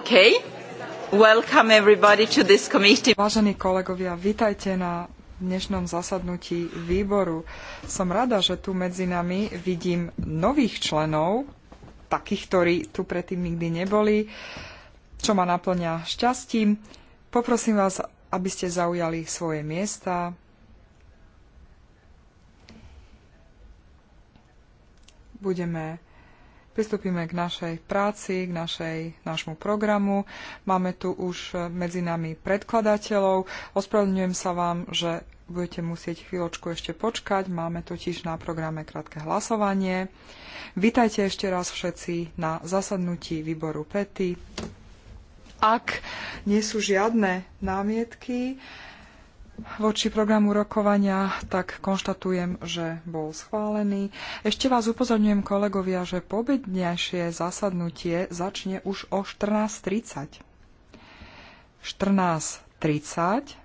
Okay. Vážení kolegovia, vítajte na dnešnom zasadnutí výboru. Som rada, že tu medzi nami vidím nových členov, takých, ktorí tu predtým nikdy neboli, čo ma naplňa šťastím. Poprosím vás, aby ste zaujali svoje miesta, budeme pristúpime k našej práci, k našej, našmu programu. Máme tu už medzi nami predkladateľov. Ospravedlňujem sa vám, že budete musieť chvíľočku ešte počkať. Máme totiž na programe krátke hlasovanie. Vítajte ešte raz všetci na zasadnutí výboru PETI. Ak nie sú žiadne námietky, voči programu rokovania, tak konštatujem, že bol schválený. Ešte vás upozorňujem, kolegovia, že pobedňajšie zasadnutie začne už o 14.30. 14.30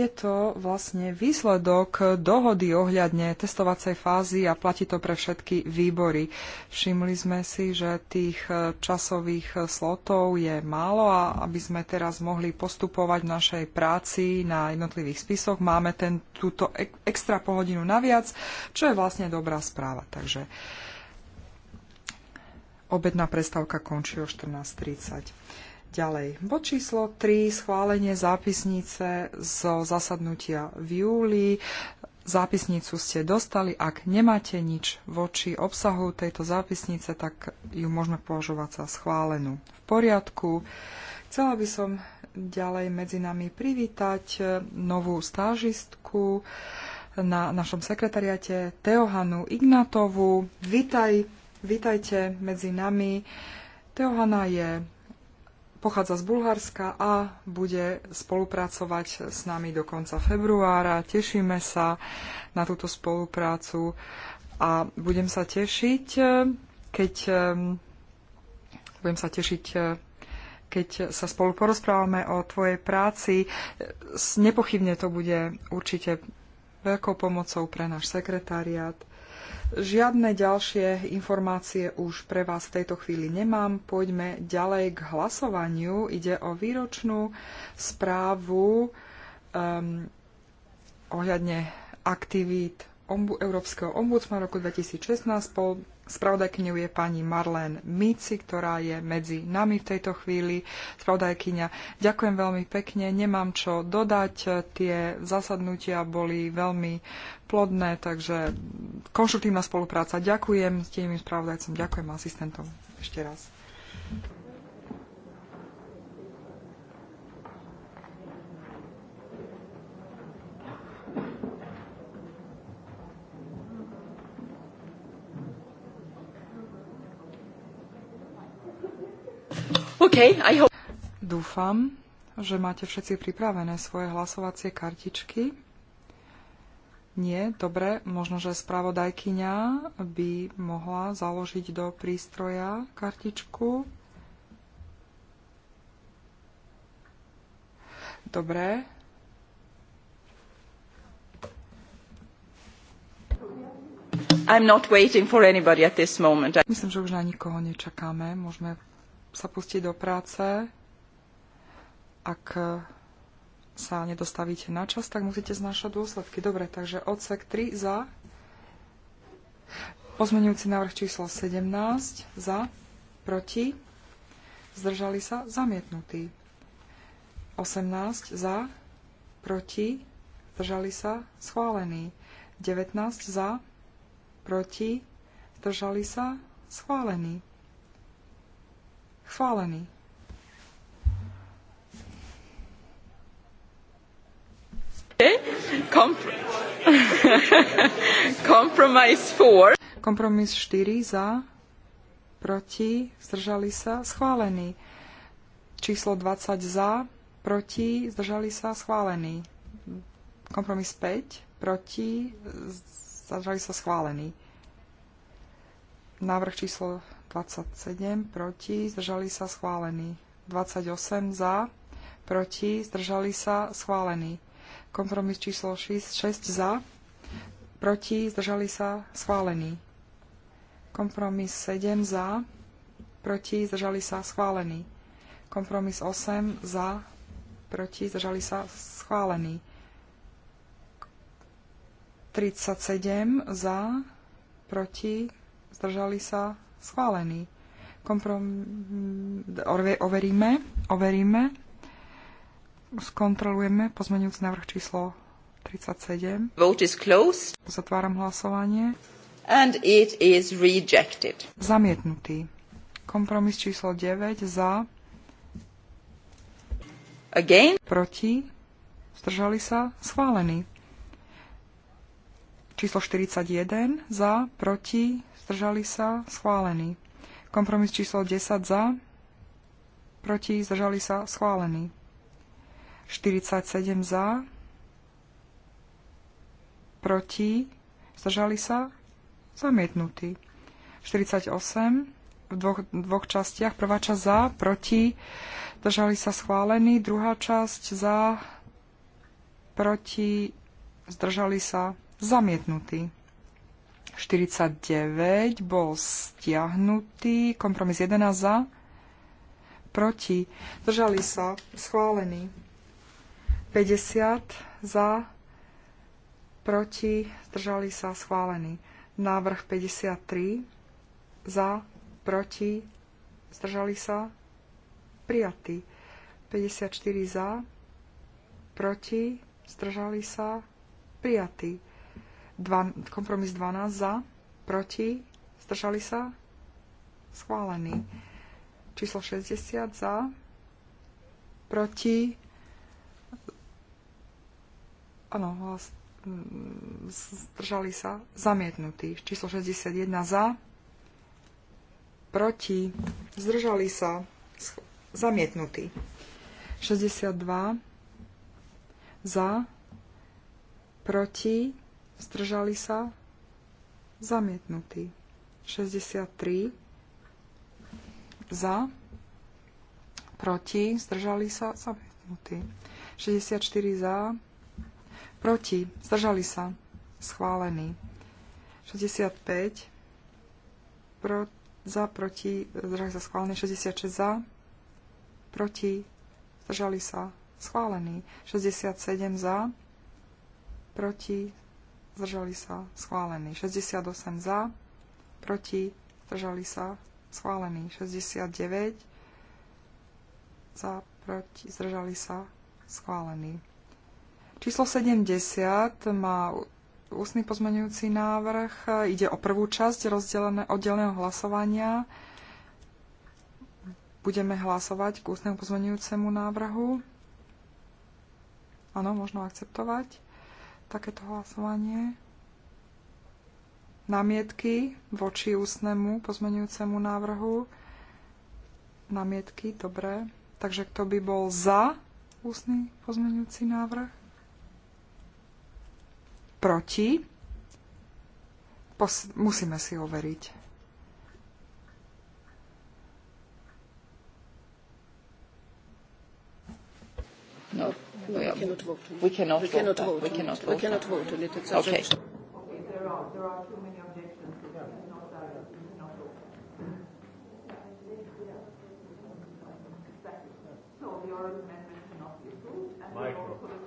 je to vlastne výsledok dohody ohľadne testovacej fázy a platí to pre všetky výbory. Všimli sme si, že tých e, časových e, slotov je málo a aby sme teraz mohli postupovať v našej práci na jednotlivých spisoch, máme ten, túto extra pohodinu naviac, čo je vlastne dobrá správa. Takže obedná prestávka končí o 14.30. Ďalej, bod číslo 3, schválenie zápisnice zo zasadnutia v júli. Zápisnicu ste dostali, ak nemáte nič voči obsahu tejto zápisnice, tak ju môžeme považovať za schválenú. V poriadku. Chcela by som ďalej medzi nami privítať novú stážistku na našom sekretariate Teohanu Ignatovu. Vítaj, vítajte medzi nami. Teohana je pochádza z Bulharska a bude spolupracovať s nami do konca februára. Tešíme sa na túto spoluprácu a budem sa tešiť, eh, keď eh, budem sa tešiť eh, keď sa spolu porozprávame o tvojej práci. Nepochybne to bude určite veľkou pomocou pre náš sekretariat. Žiadne ďalšie informácie už pre vás v tejto chvíli nemám. Poďme ďalej k hlasovaniu. Ide o výročnú správu um, ohľadne aktivít Európskeho ombudsmana roku 2016. Pol, Spravodajkyňou je pani Marlene Mici, ktorá je medzi nami v tejto chvíli. Spravodajkyňa, ďakujem veľmi pekne, nemám čo dodať. Tie zasadnutia boli veľmi plodné, takže konštruktívna spolupráca. Ďakujem s spravodajcom, ďakujem asistentom ešte raz. Okay, I hope... Dúfam, že máte všetci pripravené svoje hlasovacie kartičky. Nie, dobre, možno, že spravodajkyňa by mohla založiť do prístroja kartičku. Dobre. I'm not waiting for anybody at this moment. Myslím, že už na nikoho nečakáme. Môžeme sa pustiť do práce, ak sa nedostavíte na čas, tak musíte znášať dôsledky. Dobre, takže odsek 3 za. Pozmenujúci návrh číslo 17 za. Proti. Zdržali sa. Zamietnutý. 18 za. Proti. Zdržali sa. Schválený. 19 za. Proti. Zdržali sa. Schválený. Schválený. Kompromis 4. Kompromis 4 za, proti, zdržali sa, schválený. Číslo 20 za, proti, zdržali sa, schválený. Kompromis 5, proti, zdržali sa, schválený. Návrh číslo 27 proti, zdržali sa schválený. 28 za, proti, zdržali sa schválený. Kompromis číslo 6, 6 za, proti, zdržali sa schválený. Kompromis 7 za, proti, zdržali sa schválený. Kompromis 8 za, proti, zdržali sa schválený. 37 za, proti, zdržali sa schválený. Komprom... Overíme, overíme, skontrolujeme pozmeňujúci návrh číslo 37. Vote is closed. Zatváram hlasovanie. And it is rejected. Zamietnutý. Kompromis číslo 9 za. Again. Proti. Zdržali sa. Schválený. Číslo 41 za. Proti zdržali sa, schválený. Kompromis číslo 10 za, proti, zdržali sa, schválený. 47 za, proti, zdržali sa, zamietnutý. 48 v dvoch, dvoch častiach. Prvá časť za, proti, zdržali sa schválený. Druhá časť za, proti, zdržali sa zamietnutý. 49 bol stiahnutý, kompromis 11 za, proti, držali sa, schválený. 50 za, proti, zdržali sa, schválený. Návrh 53 za, proti, zdržali sa, prijatý. 54 za, proti, zdržali sa, prijatý dva, kompromis 12 za, proti, zdržali sa, schválený. Číslo 60 za, proti, áno, mm, zdržali sa, zamietnutý. Číslo 61 za, proti, zdržali sa, zamietnutý. 62 za, proti, zdržali sa, zamietnutý. 63 za, proti, zdržali sa, zamietnutý. 64 za, proti, zdržali sa, schválený. 65 pro, za, proti, zdržali sa, schválený. 66 za, proti, zdržali sa, schválený. 67 za, proti, zdržali sa, schválený. 68 za, proti, zdržali sa, schválený. 69 za, proti, zdržali sa, schválený. Číslo 70 má ústny pozmeňujúci návrh. Ide o prvú časť rozdelené oddelného hlasovania. Budeme hlasovať k ústnemu pozmeňujúcemu návrhu. Áno, možno akceptovať takéto hlasovanie? Namietky voči ústnemu pozmenujúcemu návrhu? Namietky, dobre. Takže kto by bol za ústny pozmenujúci návrh? Proti? Pos- musíme si overiť. No, we cannot vote. We cannot, vote, We cannot vote. We cannot vote okay. There are, too many objections. Yeah.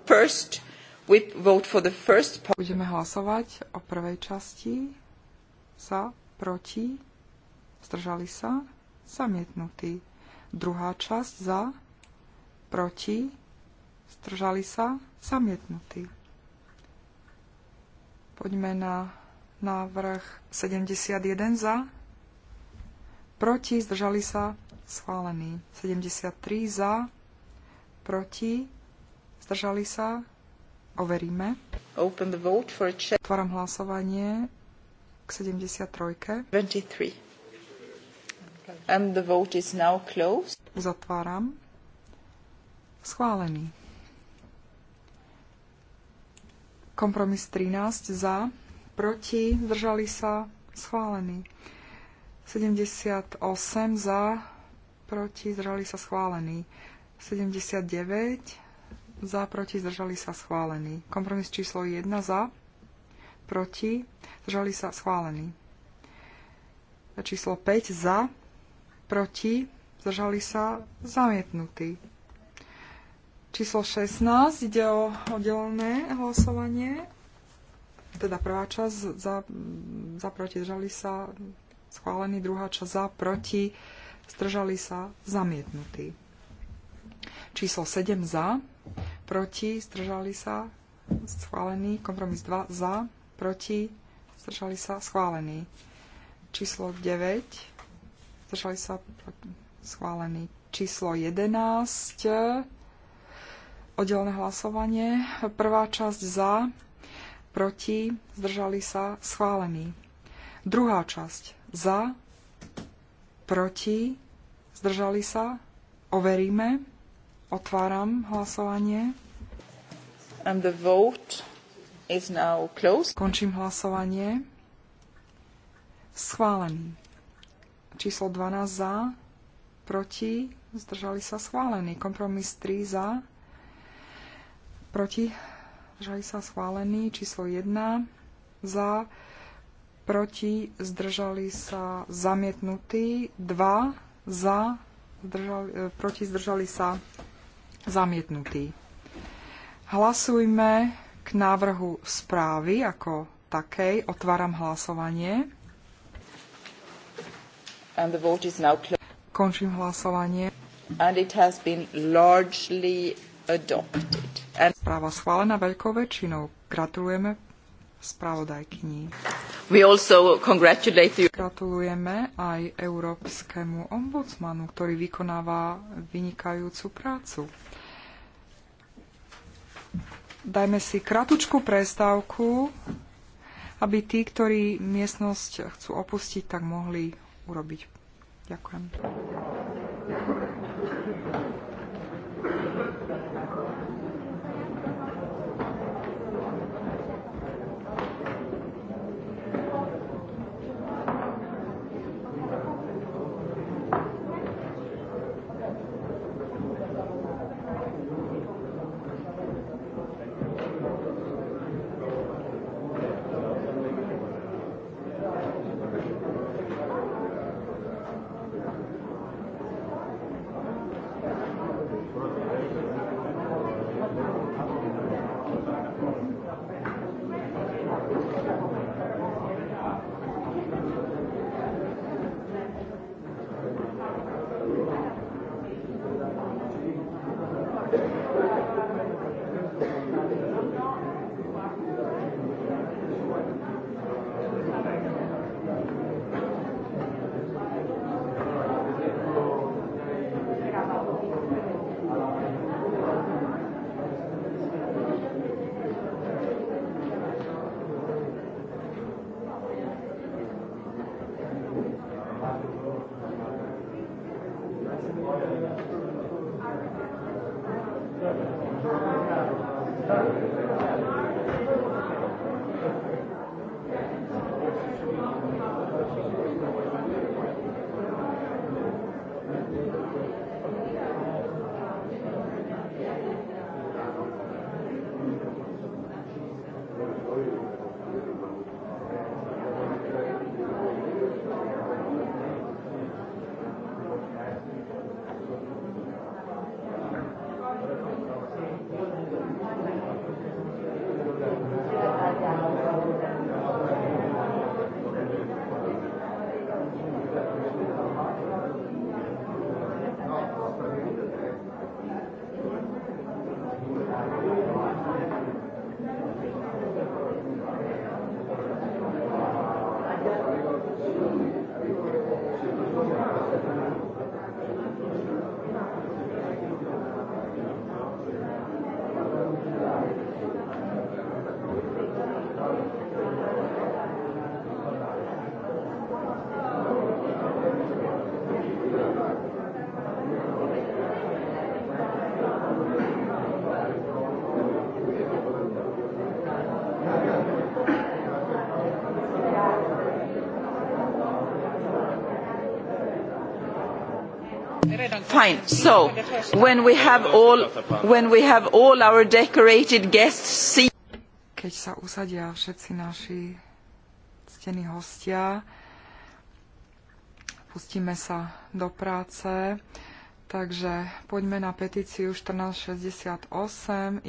First, we vote for the first part. Budeme hlasovať o prvej časti. Za, proti, zdržali sa, zamietnutý. Druhá časť za, proti, zdržali sa, Zdržali sa? zamietnutí. Poďme na návrh 71 za. Proti? Zdržali sa? Schválený. 73 za. Proti? Zdržali sa? Overíme. Open the vote for check. Otváram hlasovanie k 73. 23. And the vote is now closed. Zatváram. Schválený. Kompromis 13 za, proti, zdržali sa, schválený. 78 za, proti, zdržali sa, schválený. 79 za, proti, zdržali sa, schválený. Kompromis číslo 1 za, proti, zdržali sa, schválený. Číslo 5 za, proti, zdržali sa, zamietnutý číslo 16. Ide o oddelené hlasovanie. Teda prvá časť za, za proti zdržali sa schválený, druhá časť za proti zdržali sa zamietnutý. Číslo 7 za, proti zdržali sa schválený, kompromis 2 za, proti zdržali sa schválený. Číslo 9 zdržali sa schválený. Číslo 11 oddelené hlasovanie. Prvá časť za, proti, zdržali sa, schválený. Druhá časť za, proti, zdržali sa, overíme. Otváram hlasovanie. And the vote is now closed. Končím hlasovanie. Schválený. Číslo 12 za, proti, zdržali sa schválený. Kompromis 3 za, proti, žali sa schválený, číslo 1 za, proti, zdržali sa zamietnutí, 2 za, zdržali, e, proti, zdržali sa zamietnutí. Hlasujme k návrhu správy ako takej. Otváram hlasovanie. And the vote is now Končím hlasovanie. And it has been largely adopted. Správa schválená veľkou väčšinou. Gratulujeme spravodajkyni. We also congratulate you. Gratulujeme aj európskemu ombudsmanu, ktorý vykonáva vynikajúcu prácu. Dajme si kratučku prestávku, aby tí, ktorí miestnosť chcú opustiť, tak mohli urobiť. Ďakujem. fine. So when we have all when we have all our decorated guests see keď sa usadia všetci naši ctení hostia, pustíme sa do práce. Takže poďme na petíciu 1468.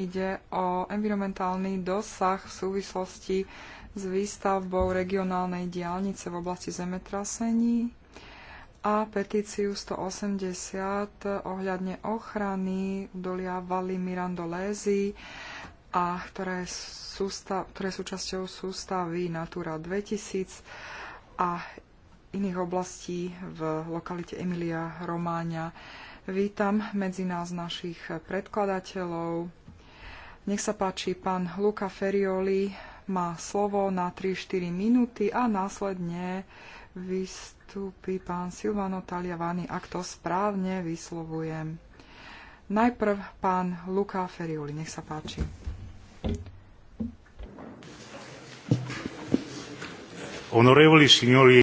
Ide o environmentálny dosah v súvislosti s výstavbou regionálnej diálnice v oblasti zemetrasení a petíciu 180 ohľadne ochrany údolia Vali Mirandolézy, a ktoré, sústav, ktoré sú časťou sústavy Natura 2000 a iných oblastí v lokalite Emilia Romáňa. Vítam medzi nás našich predkladateľov. Nech sa páči, pán Luka Ferioli má slovo na 3-4 minúty a následne vystúpi pán Silvano Taliavani, ak to správne vyslovujem. Najprv pán Luka Feriuli, nech sa páči. Honorevoli signori.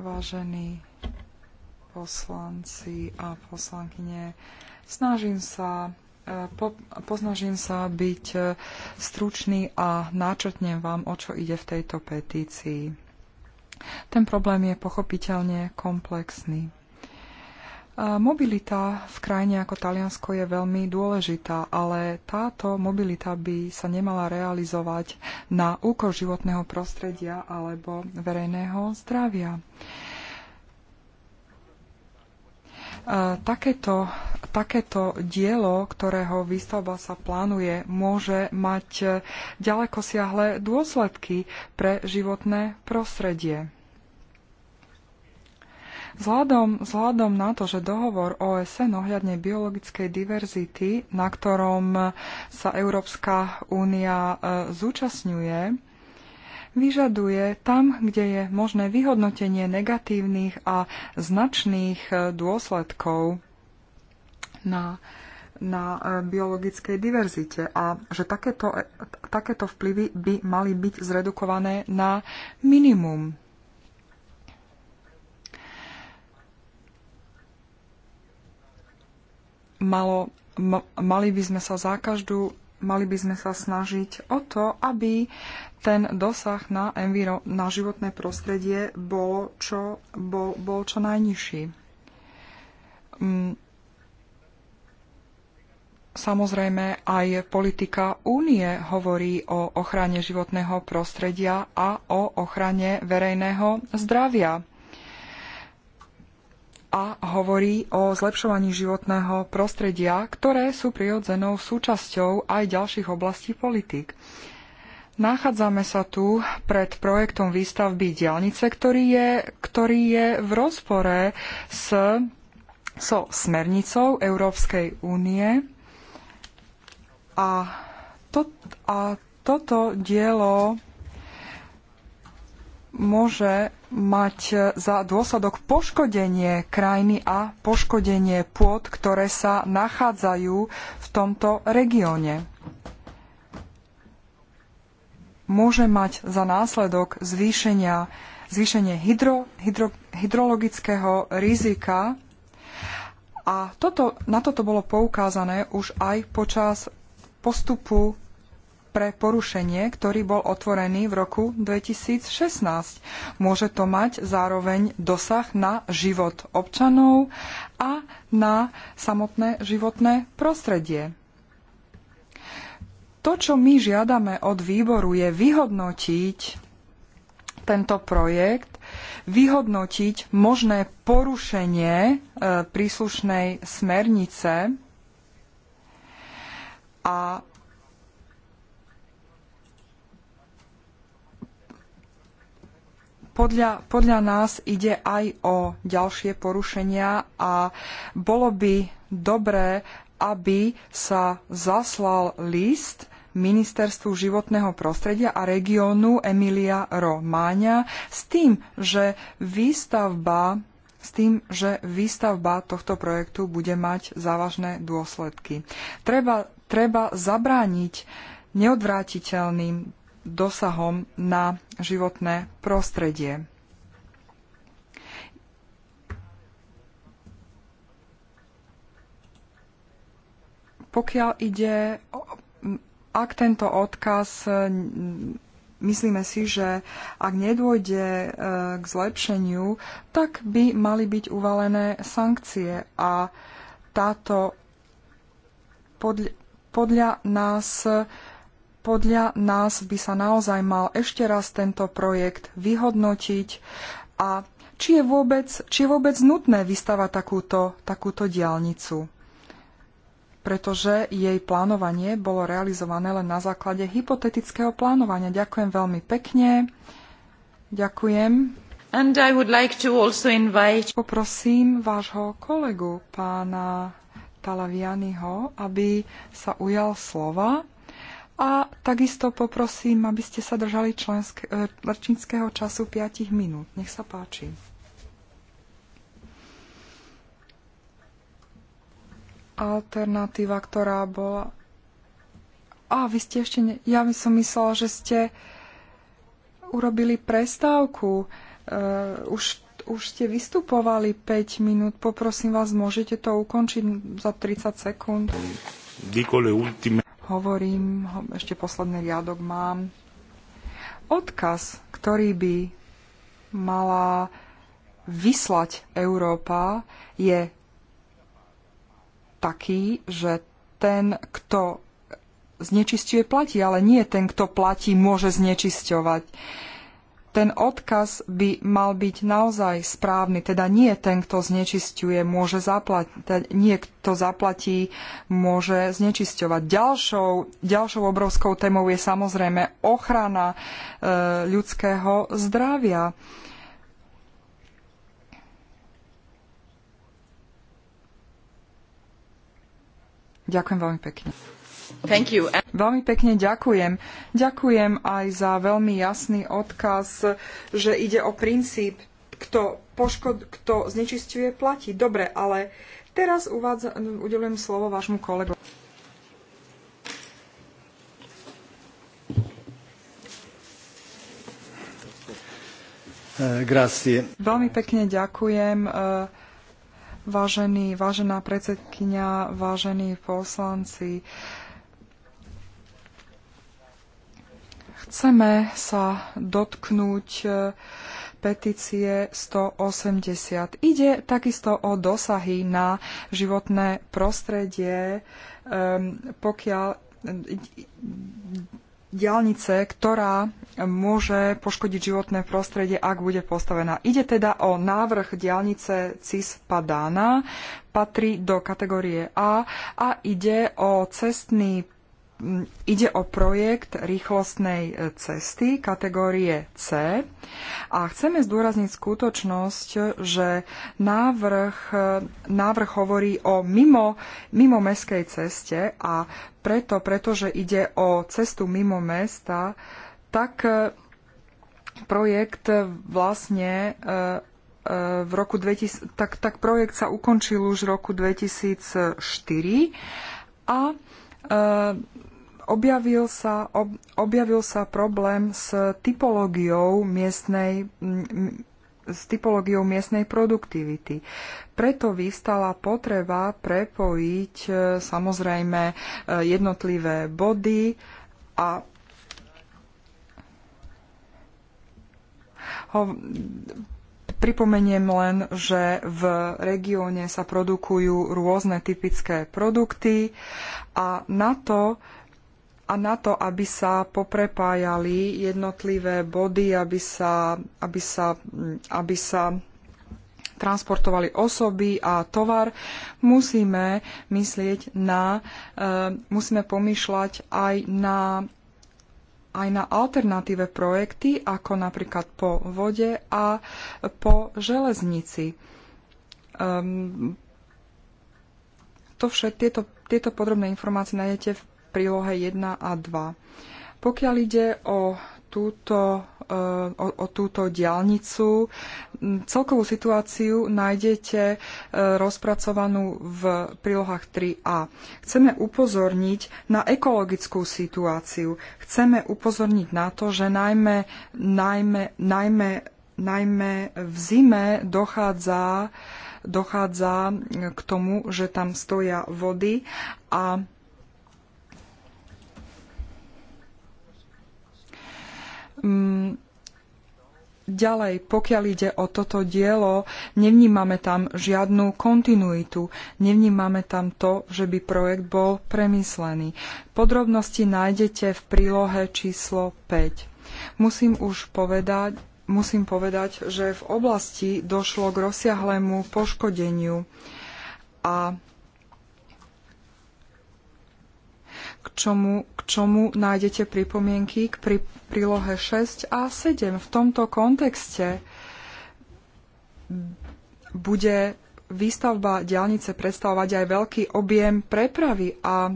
Vážení poslanci a poslankyne, snažím sa e, po, poznažím sa byť e, stručný a náčrtnem vám, o čo ide v tejto petícii. Ten problém je pochopiteľne komplexný. Mobilita v krajine ako Taliansko je veľmi dôležitá, ale táto mobilita by sa nemala realizovať na úkor životného prostredia alebo verejného zdravia takéto, takéto dielo, ktorého výstavba sa plánuje, môže mať ďaleko siahle dôsledky pre životné prostredie. Vzhľadom, vzhľadom na to, že dohovor OSN ohľadne biologickej diverzity, na ktorom sa Európska únia e, zúčastňuje, vyžaduje tam, kde je možné vyhodnotenie negatívnych a značných e, dôsledkov na, na e, biologickej diverzite a že takéto, e, takéto vplyvy by mali byť zredukované na minimum. Malo, mali by sme sa za každú mali by sme sa snažiť o to, aby ten dosah na, enviro, na životné prostredie bol čo, bol, bol čo najnižší. Mm. Samozrejme, aj politika únie hovorí o ochrane životného prostredia a o ochrane verejného zdravia a hovorí o zlepšovaní životného prostredia, ktoré sú prirodzenou súčasťou aj ďalších oblastí politik. Nachádzame sa tu pred projektom výstavby diálnice, ktorý je, ktorý je v rozpore s, so smernicou Európskej únie a, to, a toto dielo môže mať e, za dôsledok poškodenie krajiny a poškodenie pôd, ktoré sa nachádzajú v tomto regióne. Môže mať za následok zvýšenia, zvýšenie hydro, hydro, hydrologického rizika a toto, na toto bolo poukázané už aj počas postupu pre porušenie, ktorý bol otvorený v roku 2016. Môže to mať zároveň dosah na život občanov a na samotné životné prostredie. To, čo my žiadame od výboru, je vyhodnotiť tento projekt vyhodnotiť možné porušenie e, príslušnej smernice a podľa, podľa nás ide aj o ďalšie porušenia a bolo by dobré, aby sa zaslal list ministerstvu životného prostredia a regiónu Emilia Romáňa s tým, že výstavba s tým, že výstavba tohto projektu bude mať závažné dôsledky. Treba, treba zabrániť neodvrátiteľným dosahom na životné prostredie. Pokiaľ ide, ak tento odkaz myslíme si, že ak nedôjde e, k zlepšeniu, tak by mali byť uvalené sankcie a táto podľa, podľa nás podľa nás by sa naozaj mal ešte raz tento projekt vyhodnotiť a či je vôbec, či je vôbec nutné vystavať takúto, takúto diálnicu pretože jej plánovanie bolo realizované len na základe hypotetického plánovania. Ďakujem veľmi pekne. Ďakujem. And I would like to also invite... Poprosím vášho kolegu, pána Talavianiho, aby sa ujal slova. A takisto poprosím, aby ste sa držali člensk- e, času 5 minút. Nech sa páči. Alternatíva, ktorá bola... A vy ste ešte... Ne... Ja by som myslela, že ste urobili prestávku. Uh, už, už ste vystupovali 5 minút. Poprosím vás, môžete to ukončiť za 30 sekúnd. Dico le ultime hovorím, ešte posledný riadok mám, odkaz, ktorý by mala vyslať Európa, je taký, že ten, kto znečistuje, platí, ale nie ten, kto platí, môže znečisťovať ten odkaz by mal byť naozaj správny, teda nie ten, kto znečisťuje, môže zaplatiť, teda nie kto zaplatí, môže znečisťovať. Ďalšou, ďalšou obrovskou témou je samozrejme ochrana e, ľudského zdravia. Ďakujem veľmi pekne. Veľmi pekne ďakujem. Ďakujem aj za veľmi jasný odkaz, že ide o princíp, kto, poškod, kto znečistuje, platí. Dobre, ale teraz uvádza, udelujem slovo vášmu kolegu. Eh, grazie. Veľmi pekne ďakujem. Eh, Vážený, vážená predsedkynia, vážení poslanci, Chceme sa dotknúť e, petície 180. Ide takisto o dosahy na životné prostredie, pokiaľ diálnice, ktorá môže poškodiť životné prostredie, ak bude postavená. Ide teda o návrh diálnice Cispadána, patrí do kategórie A a ide o cestný ide o projekt rýchlostnej e, cesty kategórie C a chceme zdôrazniť skutočnosť, že návrh, e, návrh hovorí o mimo, mimo meskej ceste a preto, pretože ide o cestu mimo mesta, tak e, projekt vlastne v roku 2000, tak, tak projekt sa ukončil už v roku 2004 a objavil sa, ob, objavil sa problém s typológiou miestnej s typológiou miestnej produktivity. Preto vystala potreba prepojiť e, samozrejme e, jednotlivé body a ho, Pripomeniem len, že v regióne sa produkujú rôzne typické produkty a na to, a na to, aby sa poprepájali jednotlivé body, aby sa, aby sa, mm, aby sa transportovali osoby a tovar, musíme myslieť na, e, musíme pomýšľať aj na aj na alternatíve projekty, ako napríklad po vode a po železnici. Um, to všet, tieto, tieto podrobné informácie nájdete v prílohe 1 a 2. Pokiaľ ide o túto, eh, o, o túto diálnicu. Celkovú situáciu nájdete eh, rozpracovanú v prílohách 3a. Chceme upozorniť na ekologickú situáciu. Chceme upozorniť na to, že najmä, najmä, najmä, najmä v zime dochádza, dochádza eh, k tomu, že tam stoja vody a Mm, ďalej, pokiaľ ide o toto dielo, nevnímame tam žiadnu kontinuitu, nevnímame tam to, že by projekt bol premyslený. Podrobnosti nájdete v prílohe číslo 5. Musím už povedať, musím povedať že v oblasti došlo k rozsiahlému poškodeniu a k čomu, k čomu nájdete pripomienky k pri, prílohe 6 a 7. V tomto kontexte bude výstavba diálnice predstavovať aj veľký objem prepravy a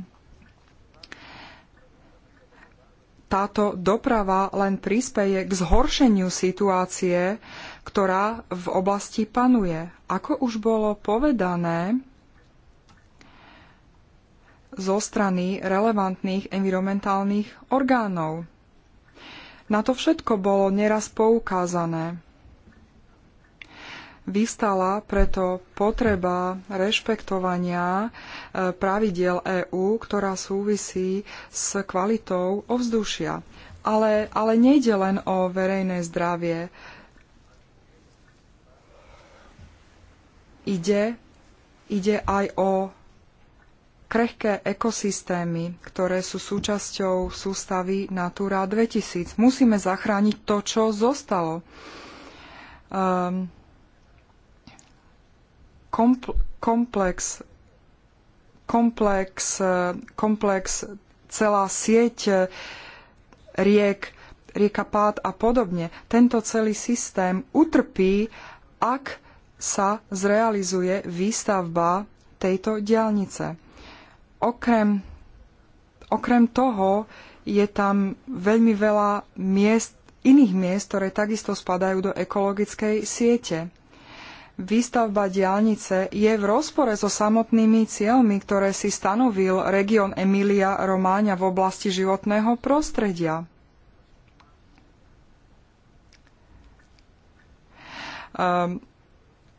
táto doprava len prispeje k zhoršeniu situácie, ktorá v oblasti panuje. Ako už bolo povedané, zo strany relevantných environmentálnych orgánov. Na to všetko bolo neraz poukázané. Vystala preto potreba rešpektovania e, pravidiel EÚ, ktorá súvisí s kvalitou ovzdušia. Ale, ale nejde len o verejné zdravie. Ide, ide aj o krehké ekosystémy, ktoré sú súčasťou sústavy Natura 2000. Musíme zachrániť to, čo zostalo. Um, kompl- komplex, komplex, e, komplex, celá sieť e, riek, rieka Pád a podobne. Tento celý systém utrpí, ak sa zrealizuje výstavba tejto diaľnice Okrem, okrem toho je tam veľmi veľa miest, iných miest, ktoré takisto spadajú do ekologickej siete. Výstavba diálnice je v rozpore so samotnými cieľmi, ktoré si stanovil región Emília Romáňa v oblasti životného prostredia. Um,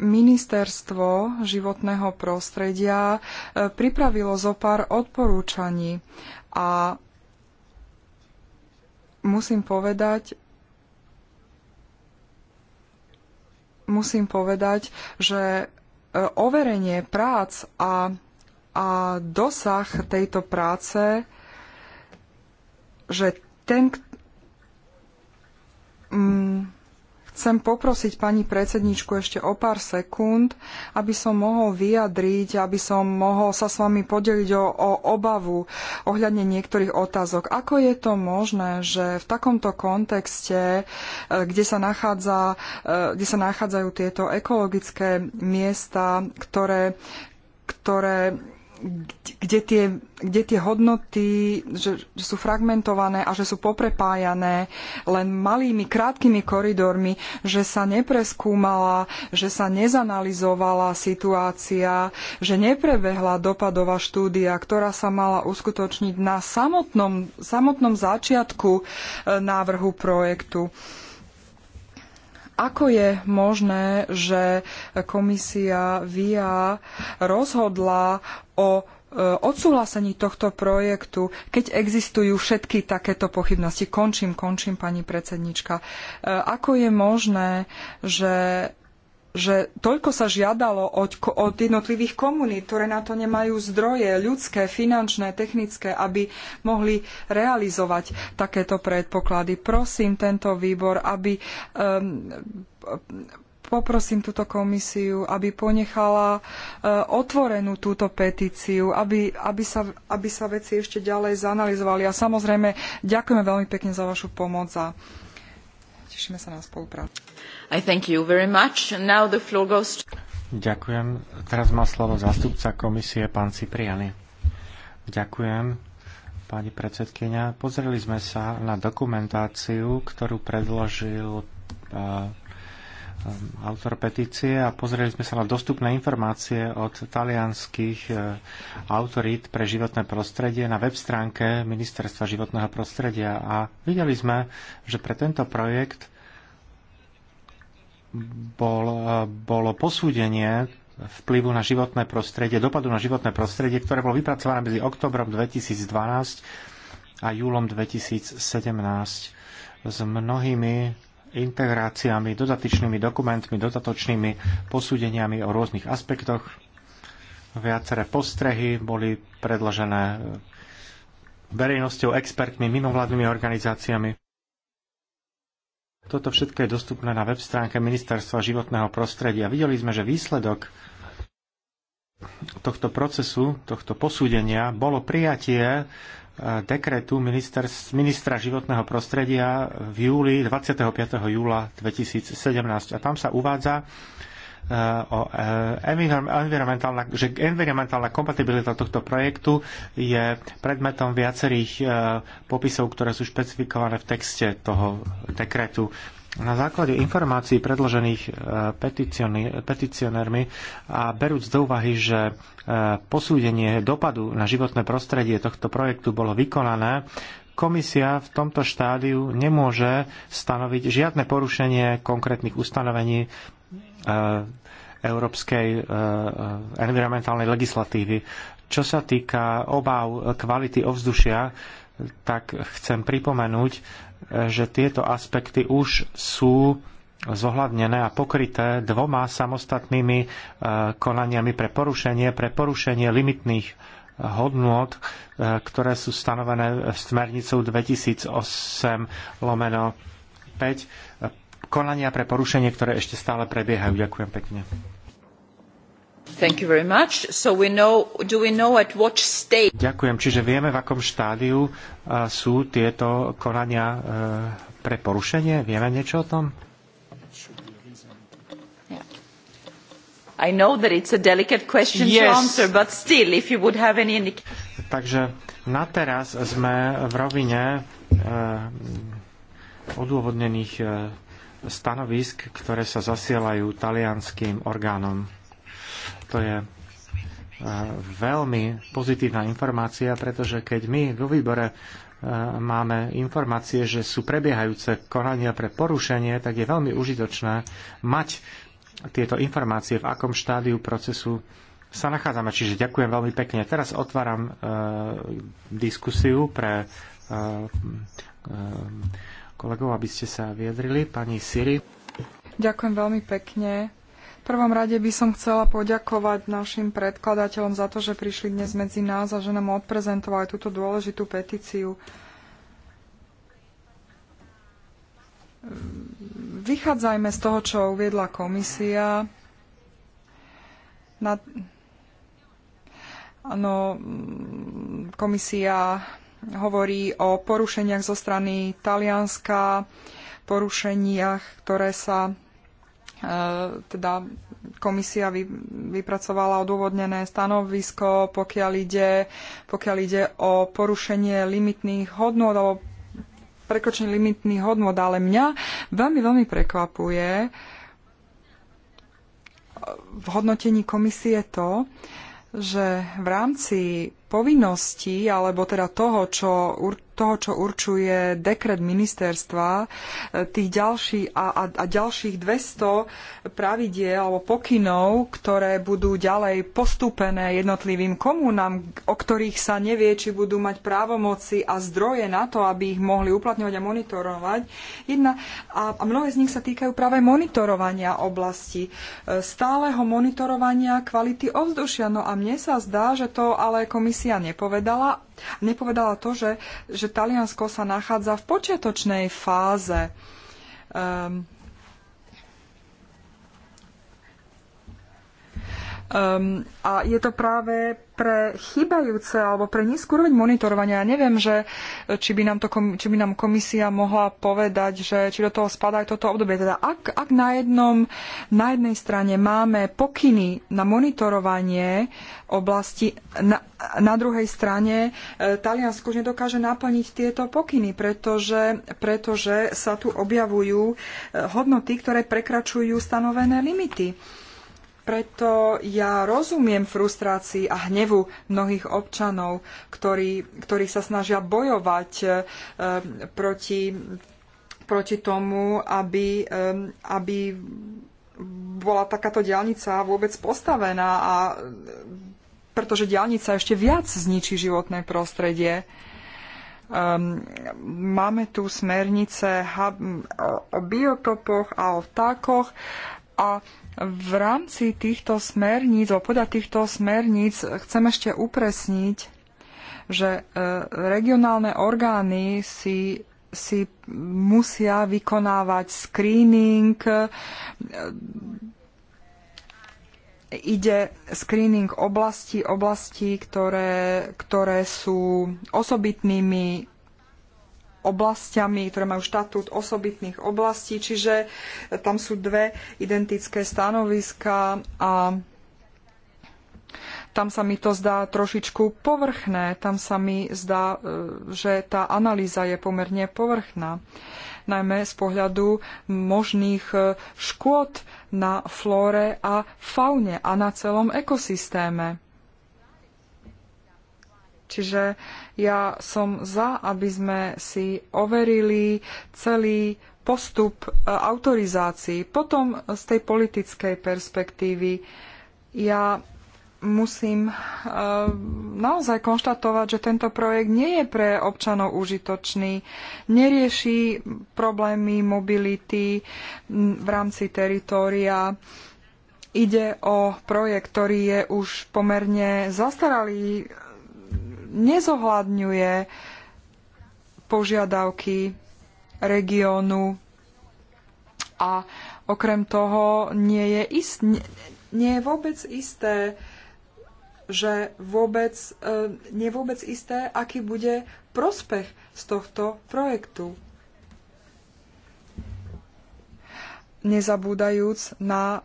Ministerstvo životného prostredia e, pripravilo zo pár odporúčaní a musím povedať, musím povedať, že e, overenie prác a, a dosah tejto práce, že ten, mm, Chcem poprosiť pani predsedničku ešte o pár sekúnd, aby som mohol vyjadriť, aby som mohol sa s vami podeliť o, o obavu ohľadne niektorých otázok. Ako je to možné, že v takomto kontexte, e, kde sa, nachádza, e, kde sa nachádzajú tieto ekologické miesta, ktoré, ktoré kde tie, kde tie hodnoty že, že sú fragmentované a že sú poprepájané len malými, krátkými koridormi, že sa nepreskúmala, že sa nezanalizovala situácia, že neprebehla dopadová štúdia, ktorá sa mala uskutočniť na samotnom, samotnom začiatku e, návrhu projektu. Ako je možné, že komisia VIA rozhodla o e, odsúhlasení tohto projektu, keď existujú všetky takéto pochybnosti. Končím, končím, pani predsednička. E, ako je možné, že že toľko sa žiadalo od, od jednotlivých komunít, ktoré na to nemajú zdroje ľudské, finančné, technické, aby mohli realizovať takéto predpoklady. Prosím tento výbor, aby. Um, poprosím túto komisiu, aby ponechala e, otvorenú túto petíciu, aby, aby, sa, aby sa veci ešte ďalej zanalizovali. A samozrejme, ďakujeme veľmi pekne za vašu pomoc a tešíme sa na spoluprácu. Ďakujem. Teraz má slovo zástupca komisie, pán Cipriani. Ďakujem, pani predsedkynia. Pozreli sme sa na dokumentáciu, ktorú predložil uh, um, autor petície a pozreli sme sa na dostupné informácie od talianských uh, autorít pre životné prostredie na web stránke Ministerstva životného prostredia a videli sme, že pre tento projekt bol, bolo posúdenie vplyvu na životné prostredie, dopadu na životné prostredie, ktoré bolo vypracované medzi oktobrom 2012 a júlom 2017 s mnohými integráciami, dodatočnými dokumentmi, dodatočnými posúdeniami o rôznych aspektoch. Viaceré postrehy boli predložené verejnosťou, expertmi, mimovládnymi organizáciami. Toto všetko je dostupné na web stránke Ministerstva životného prostredia. Videli sme, že výsledok tohto procesu, tohto posúdenia bolo prijatie e, dekretu ministra životného prostredia v júli 25. júla 2017. A tam sa uvádza, o eh, environmentálna, že environmentálna kompatibilita tohto projektu je predmetom viacerých eh, popisov, ktoré sú špecifikované v texte toho dekretu. Na základe informácií predložených eh, peticionérmi a berúc do úvahy, že posúdenie dopadu na životné prostredie tohto projektu bolo vykonané, komisia v tomto štádiu nemôže stanoviť žiadne porušenie konkrétnych ustanovení Eh, európskej eh, eh, environmentálnej legislatívy. Čo sa týka obáv kvality ovzdušia, tak chcem pripomenúť, že tieto aspekty už sú zohľadnené a pokryté dvoma samostatnými konaniami pre porušenie, pre porušenie limitných hodnôt, ktoré sú stanovené smernicou 2008 lomeno 5 konania pre porušenie, ktoré ešte stále prebiehajú. Ďakujem pekne. So know, Ďakujem. Čiže vieme, v akom štádiu e, sú tieto konania e, pre porušenie? Vieme niečo o tom? Yes. Answer, still, any... Takže na teraz sme v rovine eh, odôvodnených eh, stanovisk, ktoré sa zasielajú talianským orgánom. To je eh, veľmi pozitívna informácia, pretože keď my vo výbore eh, máme informácie, že sú prebiehajúce konania pre porušenie, tak je veľmi užitočné mať tieto informácie, v akom štádiu procesu sa nachádzame. Čiže ďakujem veľmi pekne. Teraz otváram uh, diskusiu pre uh, uh, kolegov, aby ste sa vyjadrili. Pani Siri. Ďakujem veľmi pekne. V prvom rade by som chcela poďakovať našim predkladateľom za to, že prišli dnes medzi nás a že nám odprezentovali túto dôležitú petíciu. Vychádzajme z toho, čo uviedla komisia. Na... Ano, mm, komisia hovorí o porušeniach zo strany Talianska, porušeniach, ktoré sa e, teda komisia vypracovala odôvodnené stanovisko, pokiaľ ide, pokiaľ ide o porušenie limitných hodnôt alebo prekročenie limitných hodnôt, ale mňa veľmi, veľmi prekvapuje e, v hodnotení komisie to, že v rámci povinností, alebo teda toho, čo, toho, čo určuje dekret ministerstva, e, tých ďalších a, a, a ďalších 200 pravidiel alebo pokynov, ktoré budú ďalej postúpené jednotlivým komunám, o ktorých sa nevie, či budú mať právomoci a zdroje na to, aby ich mohli uplatňovať a monitorovať. Jedna, a, a mnohé z nich sa týkajú práve monitorovania oblasti, e, stáleho monitorovania kvality ovzdušia. No a mne sa zdá, že to ale komisia nepovedala Nepovedala to, že, že Taliansko sa nachádza v počiatočnej fáze um, Um, a je to práve pre chýbajúce alebo pre nízku úroveň monitorovania. Ja neviem, že, e, či, by nám to, či by nám komisia mohla povedať, že, či do toho spadá aj toto obdobie. Teda ak, ak na, jednom, na jednej strane máme pokyny na monitorovanie oblasti, na, na druhej strane e, Taliansko už nedokáže naplniť tieto pokyny, pretože, pretože sa tu objavujú e, hodnoty, ktoré prekračujú stanovené limity. Preto ja rozumiem frustrácii a hnevu mnohých občanov, ktorí, ktorí sa snažia bojovať e, proti, proti tomu, aby, e, aby bola takáto diálnica vôbec postavená a pretože diálnica ešte viac zničí životné prostredie. Um, máme tu smernice o, o biotopoch a o vtákoch a v rámci týchto smerníc, alebo podľa týchto smerníc chcem ešte upresniť, že e, regionálne orgány si si musia vykonávať screening, e, ide screening oblasti, oblasti, ktoré, ktoré sú osobitnými oblastiami, ktoré majú štatút osobitných oblastí, čiže e, tam sú dve identické stanoviska a tam sa mi to zdá trošičku povrchné, tam sa mi zdá, e, že tá analýza je pomerne povrchná, najmä z pohľadu možných e, škôd na flóre a faune a na celom ekosystéme. Čiže ja som za, aby sme si overili celý postup e, autorizácií. Potom z tej politickej perspektívy ja musím e, naozaj konštatovať, že tento projekt nie je pre občanov užitočný, nerieši problémy mobility v rámci teritória. Ide o projekt, ktorý je už pomerne zastaralý nezohľadňuje požiadavky regiónu a okrem toho nie je, ist, nie, nie je vôbec isté, že vôbec, e, nie je vôbec isté, aký bude prospech z tohto projektu. Nezabúdajúc na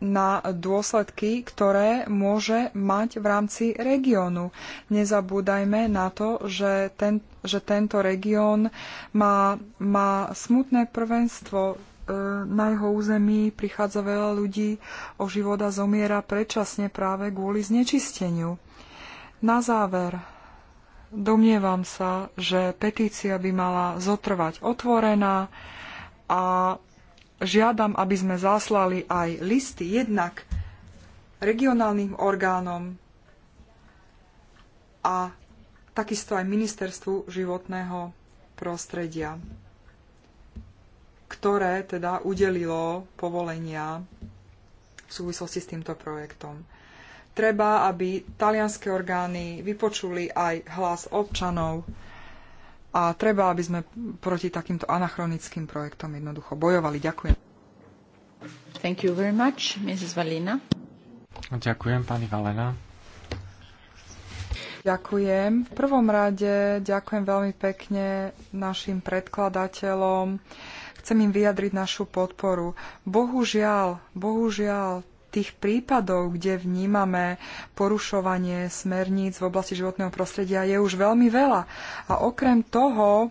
na dôsledky, ktoré môže mať v rámci regiónu. Nezabúdajme na to, že, ten, že tento región má, má smutné prvenstvo. E, na jeho území prichádza veľa ľudí o život a zomiera predčasne práve kvôli znečisteniu. Na záver, domnievam sa, že petícia by mala zotrvať otvorená a žiadam, aby sme zaslali aj listy jednak regionálnym orgánom a takisto aj ministerstvu životného prostredia, ktoré teda udelilo povolenia v súvislosti s týmto projektom. Treba, aby talianské orgány vypočuli aj hlas občanov, a treba, aby sme proti takýmto anachronickým projektom jednoducho bojovali. Ďakujem. Thank you very much, Mrs. Valina. Ďakujem, pani Valena. Ďakujem. V prvom rade ďakujem veľmi pekne našim predkladateľom. Chcem im vyjadriť našu podporu. Bohužiaľ, bohužiaľ, tých prípadov, kde vnímame porušovanie smerníc v oblasti životného prostredia, je už veľmi veľa. A okrem toho,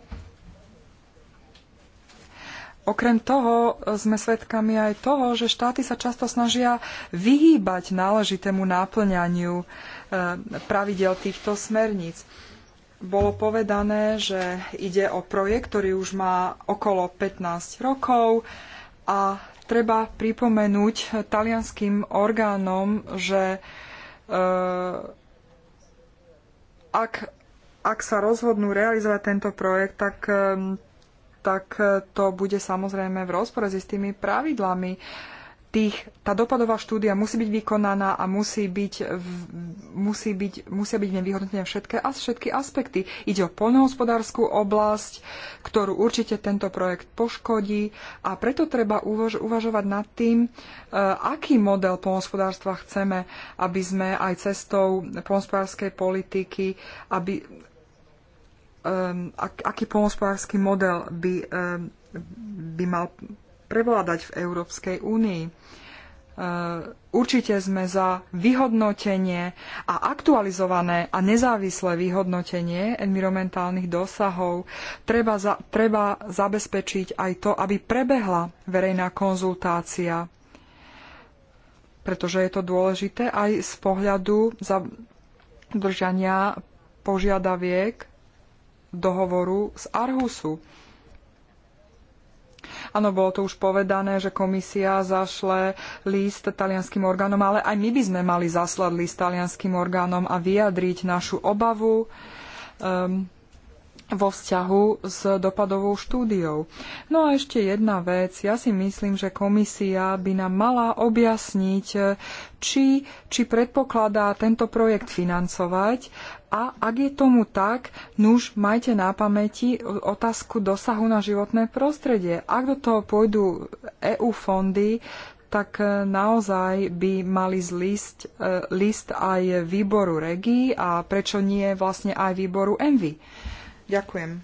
Okrem toho sme svedkami aj toho, že štáty sa často snažia vyhýbať náležitému náplňaniu e, pravidel týchto smerníc. Bolo povedané, že ide o projekt, ktorý už má okolo 15 rokov a Treba pripomenúť talianským orgánom, že e, ak, ak sa rozhodnú realizovať tento projekt, tak e, tak to bude samozrejme v rozpore s tými pravidlami tých, tá dopadová štúdia musí byť vykonaná a musí byť, musí byť, musia byť nevyhodnotené všetky, všetky aspekty. Ide o poľnohospodárskú oblasť, ktorú určite tento projekt poškodí a preto treba uvaž, uvažovať nad tým, e, aký model poľnohospodárstva chceme, aby sme aj cestou poľnohospodárskej politiky, aby, e, aký poľnohospodársky model by, e, by mal prevládať v Európskej únii. E, určite sme za vyhodnotenie a aktualizované a nezávislé vyhodnotenie environmentálnych dosahov. Treba, za, treba zabezpečiť aj to, aby prebehla verejná konzultácia, pretože je to dôležité aj z pohľadu zadržania požiadaviek dohovoru z Arhusu Áno, bolo to už povedané, že komisia zašle list talianským orgánom, ale aj my by sme mali zaslať list talianským orgánom a vyjadriť našu obavu. Um, vo vzťahu s dopadovou štúdiou. No a ešte jedna vec. Ja si myslím, že komisia by nám mala objasniť, či, či predpokladá tento projekt financovať a ak je tomu tak, nuž majte na pamäti otázku dosahu na životné prostredie. Ak do toho pôjdu EU fondy, tak e, naozaj by mali zlísť e, list aj výboru REGI a prečo nie vlastne aj výboru ENVY. Ďakujem.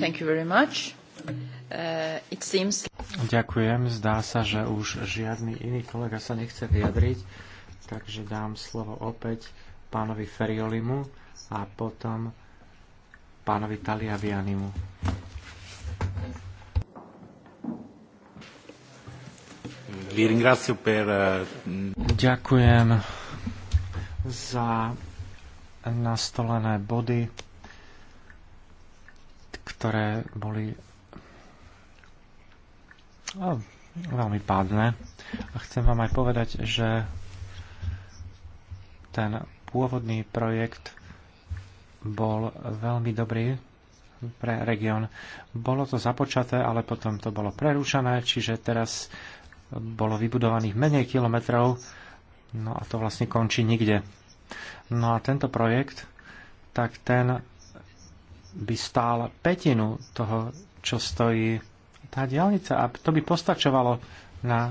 Thank you very much. Uh, seems... Ďakujem. Zdá sa, že už žiadny iný kolega sa nechce vyjadriť, takže dám slovo opäť pánovi Feriolimu a potom pánovi Taliavianimu. Eh, Ďakujem za nastolené body, ktoré boli a veľmi pádne. A chcem vám aj povedať, že ten pôvodný projekt bol veľmi dobrý pre región. Bolo to započaté, ale potom to bolo prerušené, čiže teraz bolo vybudovaných menej kilometrov, no a to vlastne končí nikde. No a tento projekt, tak ten by stál petinu toho, čo stojí tá diálnica, a to by postačovalo na eh,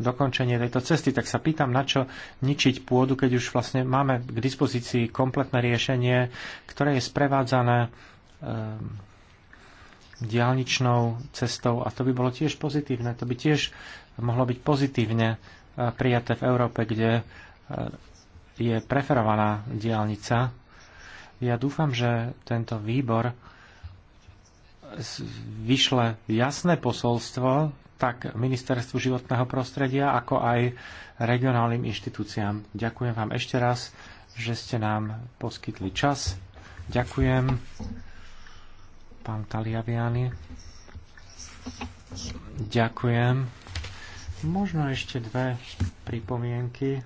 dokončenie tejto cesty, tak sa pýtam, na čo ničiť pôdu, keď už vlastne máme k dispozícii kompletné riešenie, ktoré je sprevádzané eh, diálničnou cestou a to by bolo tiež pozitívne. To by tiež mohlo byť pozitívne eh, prijaté v Európe, kde je preferovaná diálnica. Ja dúfam, že tento výbor vyšle jasné posolstvo tak Ministerstvu životného prostredia, ako aj regionálnym inštitúciám. Ďakujem vám ešte raz, že ste nám poskytli čas. Ďakujem, pán Taliaviani. Ďakujem. Možno ešte dve pripomienky.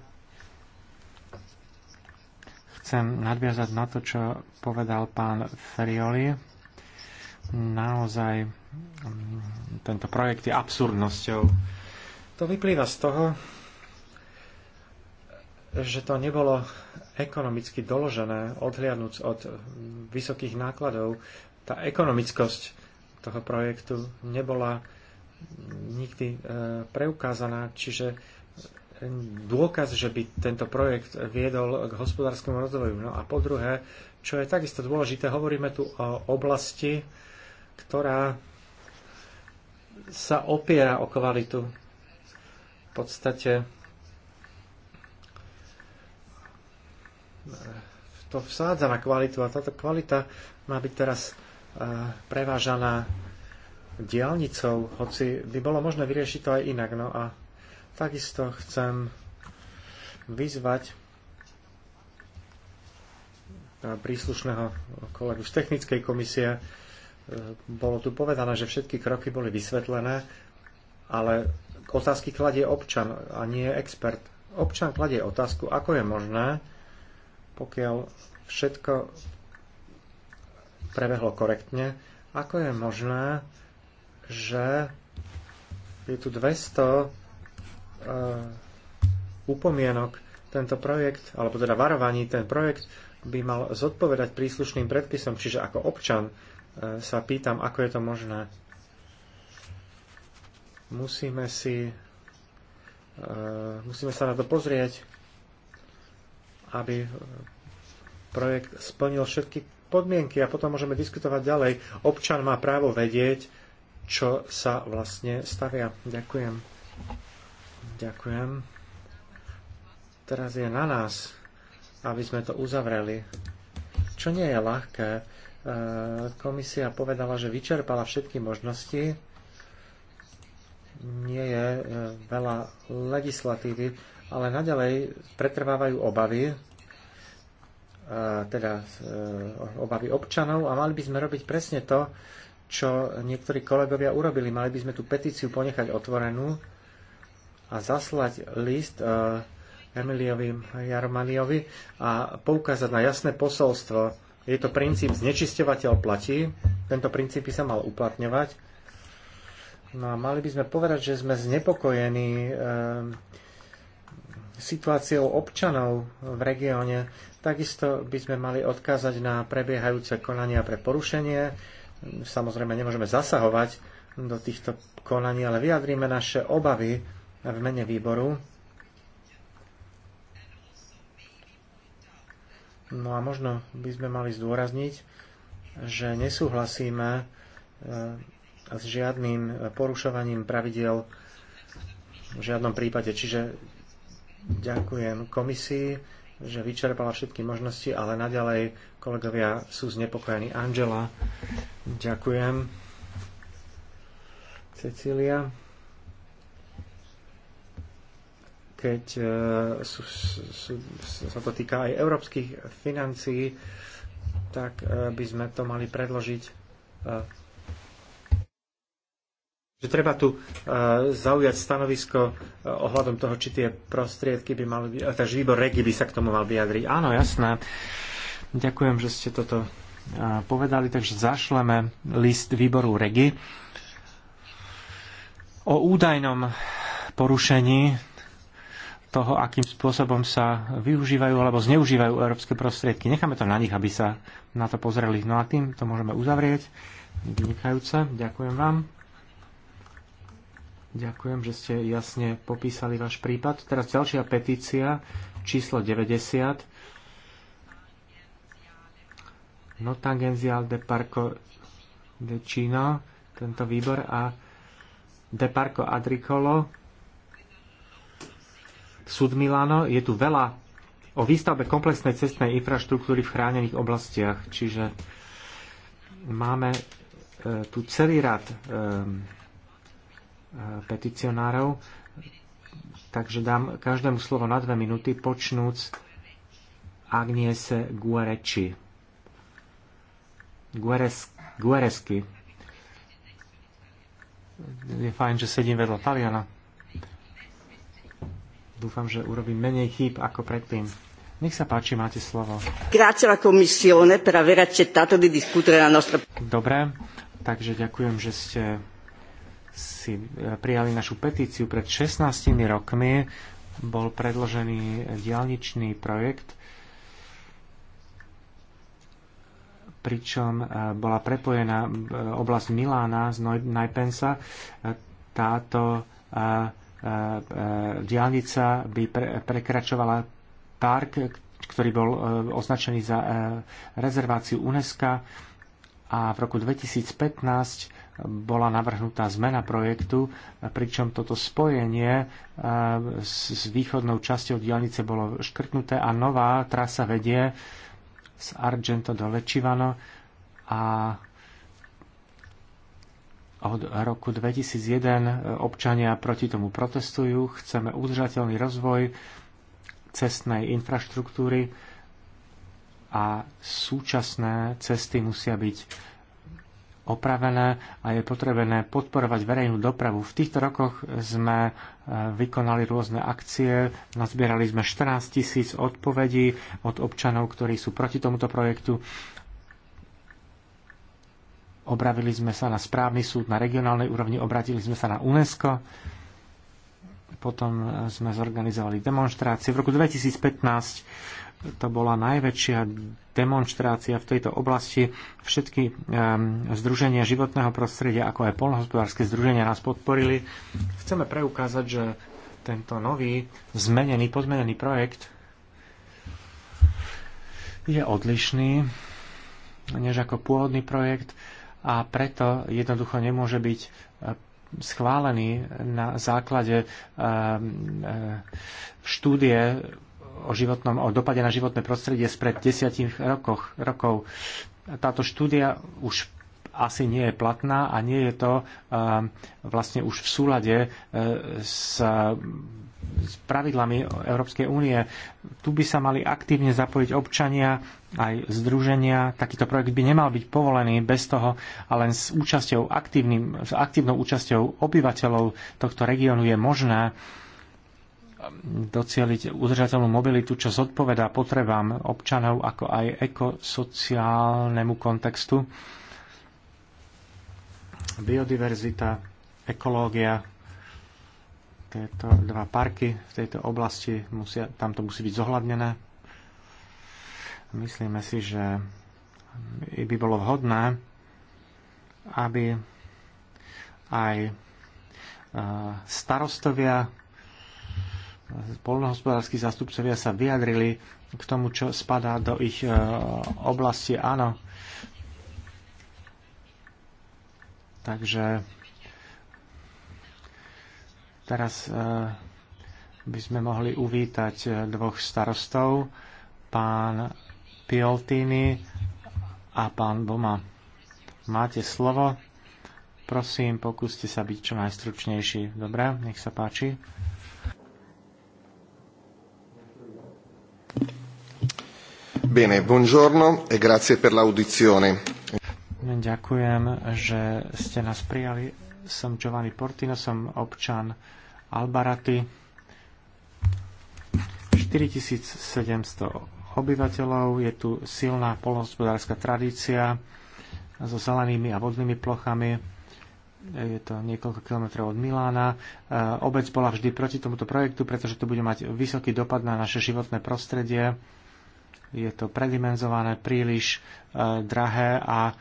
Chcem nadviazať na to, čo povedal pán Ferioli Naozaj mm, tento projekt je absurdnosťou. To vyplýva z toho, že to nebolo ekonomicky doložené, odhliadnúc od vysokých nákladov. Tá ekonomickosť toho projektu nebola nikdy e, preukázaná, čiže dôkaz, že by tento projekt viedol k hospodárskému rozvoju. No a po druhé, čo je takisto dôležité, hovoríme tu o oblasti, ktorá sa opiera o kvalitu. V podstate to vsádza na kvalitu a táto kvalita má byť teraz e, prevážaná diálnicou, hoci by bolo možné vyriešiť to aj inak. No a takisto chcem vyzvať e, príslušného kolegu z technickej komisie, E, bolo tu povedané, že všetky kroky boli vysvetlené, ale otázky kladie občan a nie expert. Občan kladie otázku, ako je možné, pokiaľ všetko prebehlo korektne, ako je možné, že je tu 200 e, upomienok tento projekt, alebo teda varovaní ten projekt by mal zodpovedať príslušným predpisom, čiže ako občan E, sa pýtam, ako je to možné. Musíme si e, musíme sa na to pozrieť, aby projekt splnil všetky podmienky a potom môžeme diskutovať ďalej. Občan má právo vedieť, čo sa vlastne stavia. Ďakujem. Ďakujem. Teraz je na nás, aby sme to uzavreli. Čo nie je ľahké, E, komisia povedala, že vyčerpala všetky možnosti. Nie je e, veľa legislatívy, ale naďalej pretrvávajú obavy, e, teda obavy občanov a mali by sme robiť presne to, čo niektorí kolegovia urobili. Mali by sme tú petíciu ponechať otvorenú a zaslať list Emiliovi Jarmaniovi a poukázať na jasné posolstvo je to princíp znečisťovateľ platí. Tento princíp by sa mal uplatňovať. No a mali by sme povedať, že sme znepokojení e, situáciou občanov v regióne. Takisto by sme mali odkázať na prebiehajúce konania pre porušenie. Samozrejme, nemôžeme zasahovať do týchto konaní, ale vyjadríme naše obavy v mene výboru No a možno by sme mali zdôrazniť, že nesúhlasíme e, s žiadnym porušovaním pravidel v žiadnom prípade. Čiže ďakujem komisii, že vyčerpala všetky možnosti, ale naďalej kolegovia sú znepokojení. Angela, ďakujem. Cecília. keď e, sú, sú, sa to týka aj európskych financií, tak e, by sme to mali predložiť. E, že treba tu zaujať stanovisko ohľadom toho, či tie prostriedky by mali byť, takže výbor regi by sa k tomu mal vyjadriť. Áno, jasné. Ďakujem, že ste toto povedali, takže zašleme list výboru regi o údajnom porušení toho, akým spôsobom sa využívajú alebo zneužívajú európske prostriedky. Necháme to na nich, aby sa na to pozreli. No a tým to môžeme uzavrieť. Vynikajúce. Ďakujem vám. Ďakujem, že ste jasne popísali váš prípad. Teraz ďalšia petícia, číslo 90. Notangenzial de Parco de Chino, tento výbor a de Parco Agricolo Sud Milano. Je tu veľa o výstavbe komplexnej cestnej infraštruktúry v chránených oblastiach, čiže máme e, tu celý rad e, e, peticionárov, takže dám každému slovo na dve minúty, počnúc Agniese Guereči. Gueres, Guaresky. Je fajn, že sedím vedľa Taliana. Dúfam, že urobím menej chýb ako predtým. Nech sa páči, máte slovo. Dobre, takže ďakujem, že ste si e, prijali našu petíciu. Pred 16 rokmi bol predložený diálničný projekt, pričom e, bola prepojená e, oblasť Milána z Najpensa. Táto diálnica by pre, prekračovala park, ktorý bol e, označený za e, rezerváciu UNESCO a v roku 2015 bola navrhnutá zmena projektu, pričom toto spojenie e, s východnou časťou diálnice bolo škrtnuté a nová trasa vedie z Argento do Lečivano a od roku 2001 e, občania proti tomu protestujú. Chceme udržateľný rozvoj cestnej infraštruktúry a súčasné cesty musia byť opravené a je potrebné podporovať verejnú dopravu. V týchto rokoch sme e, vykonali rôzne akcie, nazbierali sme 14 tisíc odpovedí od občanov, ktorí sú proti tomuto projektu obravili sme sa na správny súd na regionálnej úrovni, obratili sme sa na UNESCO, potom e, sme zorganizovali demonstrácie. V roku 2015 to bola najväčšia demonstrácia v tejto oblasti. Všetky um, združenia životného prostredia, ako aj polnohospodárske združenia nás podporili. Chceme preukázať, že tento nový, zmenený, pozmenený projekt je odlišný než ako pôvodný projekt a preto jednoducho nemôže byť e, schválený na základe e, e, štúdie o, životnom, o dopade na životné prostredie spred desiatich rokoch, rokov. Táto štúdia už asi nie je platná a nie je to vlastne už v súlade s s pravidlami Európskej únie. Tu by sa mali aktívne zapojiť občania, aj združenia. Takýto projekt by nemal byť povolený bez toho a len s, účasťou aktívnym, s aktívnou účasťou obyvateľov tohto regiónu je možné docieliť udržateľnú mobilitu, čo zodpovedá potrebám občanov ako aj ekosociálnemu kontextu. Biodiverzita, ekológia, tieto dva parky v tejto oblasti, musia, tam to musí byť zohľadnené. Myslíme si, že by bolo vhodné, aby aj e, starostovia, polnohospodárskí zastupcovia sa vyjadrili k tomu, čo spadá do ich e, oblasti. Áno. Takže Teraz e, by sme mohli uvítať e, dvoch starostov, pán Pioltini a pán Boma. Máte slovo. Prosím, pokúste sa byť čo najstručnejší. Dobre, nech sa páči. Bene, buongiorno e grazie per l'audizione. Ďakujem, že ste nás prijali som Giovanni Portino, som občan Albaraty. 4700 obyvateľov, je tu silná polnohospodárska tradícia so zelenými a vodnými plochami. Je to niekoľko kilometrov od Milána. E, obec bola vždy proti tomuto projektu, pretože to bude mať vysoký dopad na naše životné prostredie je to predimenzované, príliš e, drahé a e,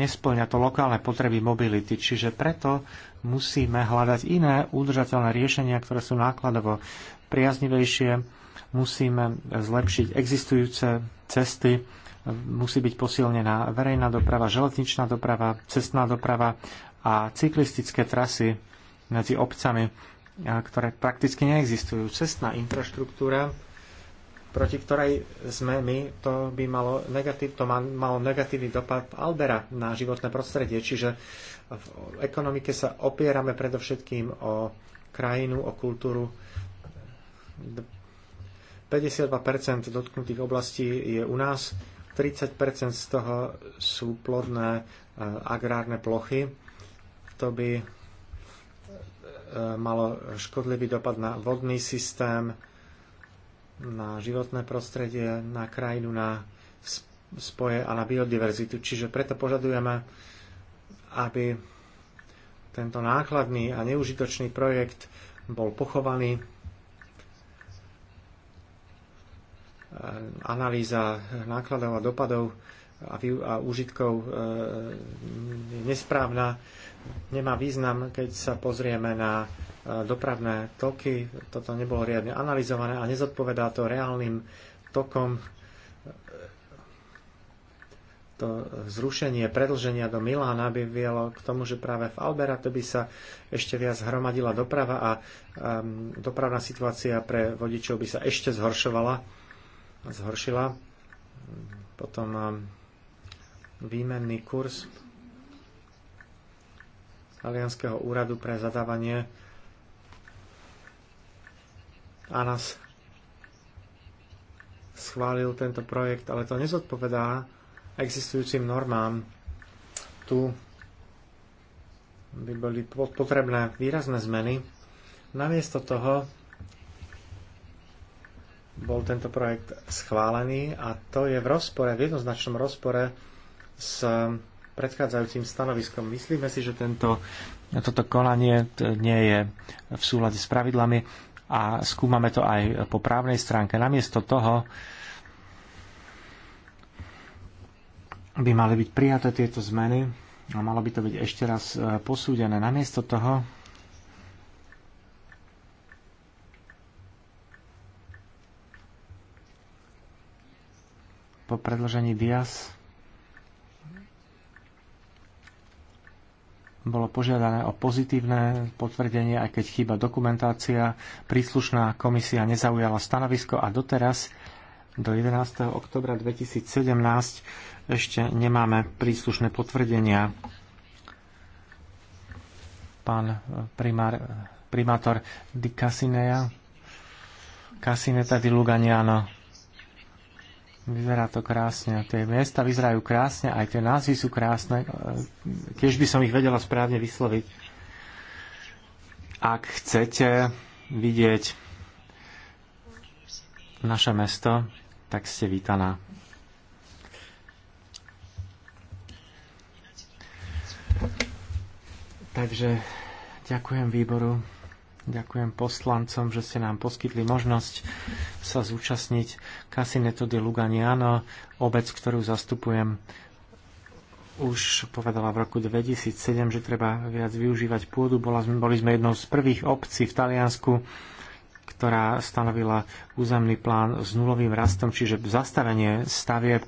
nesplňa to lokálne potreby mobility. Čiže preto musíme hľadať iné udržateľné riešenia, ktoré sú nákladovo priaznivejšie. Musíme zlepšiť existujúce cesty, musí byť posilnená verejná doprava, železničná doprava, cestná doprava a cyklistické trasy medzi obcami, e, ktoré prakticky neexistujú. Cestná infraštruktúra proti ktorej sme my, to by malo, negatív, to malo negatívny dopad Albera na životné prostredie. Čiže v ekonomike sa opierame predovšetkým o krajinu, o kultúru. 52% dotknutých oblastí je u nás, 30% z toho sú plodné e, agrárne plochy. To by e, malo škodlivý dopad na vodný systém, na životné prostredie, na krajinu, na spoje a na biodiverzitu. Čiže preto požadujeme, aby tento nákladný a neužitočný projekt bol pochovaný. E, analýza nákladov a dopadov a, a úžitkov e, je nesprávna. Nemá význam, keď sa pozrieme na dopravné toky, toto nebolo riadne analyzované a nezodpovedá to reálnym tokom to zrušenie predlženia do Milána by vielo k tomu, že práve v Alberate by sa ešte viac hromadila doprava a um, dopravná situácia pre vodičov by sa ešte zhoršovala, zhoršila. Potom um, výmenný kurz Alianského úradu pre zadávanie Anas schválil tento projekt, ale to nezodpovedá existujúcim normám. Tu by boli potrebné výrazné zmeny. Namiesto toho bol tento projekt schválený a to je v rozpore, v jednoznačnom rozpore s predchádzajúcim stanoviskom. Myslíme si, že tento, toto konanie nie je v súlade s pravidlami a skúmame to aj po právnej stránke. Namiesto toho by mali byť prijaté tieto zmeny a malo by to byť ešte raz e, posúdené. Namiesto toho po predložení Dias bolo požiadané o pozitívne potvrdenie, aj keď chýba dokumentácia. Príslušná komisia nezaujala stanovisko a doteraz do 11. oktobra 2017 ešte nemáme príslušné potvrdenia. Pán eh, primár, primátor Di Casinea, Casineta di Luganiano Vyzerá to krásne. Tie miesta vyzerajú krásne, aj tie názvy sú krásne. Tiež by som ich vedela správne vysloviť. Ak chcete vidieť naše mesto, tak ste vítaná. Takže ďakujem výboru. Ďakujem poslancom, že ste nám poskytli možnosť sa zúčastniť Casineto di Luganiano, obec, ktorú zastupujem už povedala v roku 2007, že treba viac využívať pôdu. Bola, boli sme jednou z prvých obcí v Taliansku, ktorá stanovila územný plán s nulovým rastom, čiže zastavenie stavieb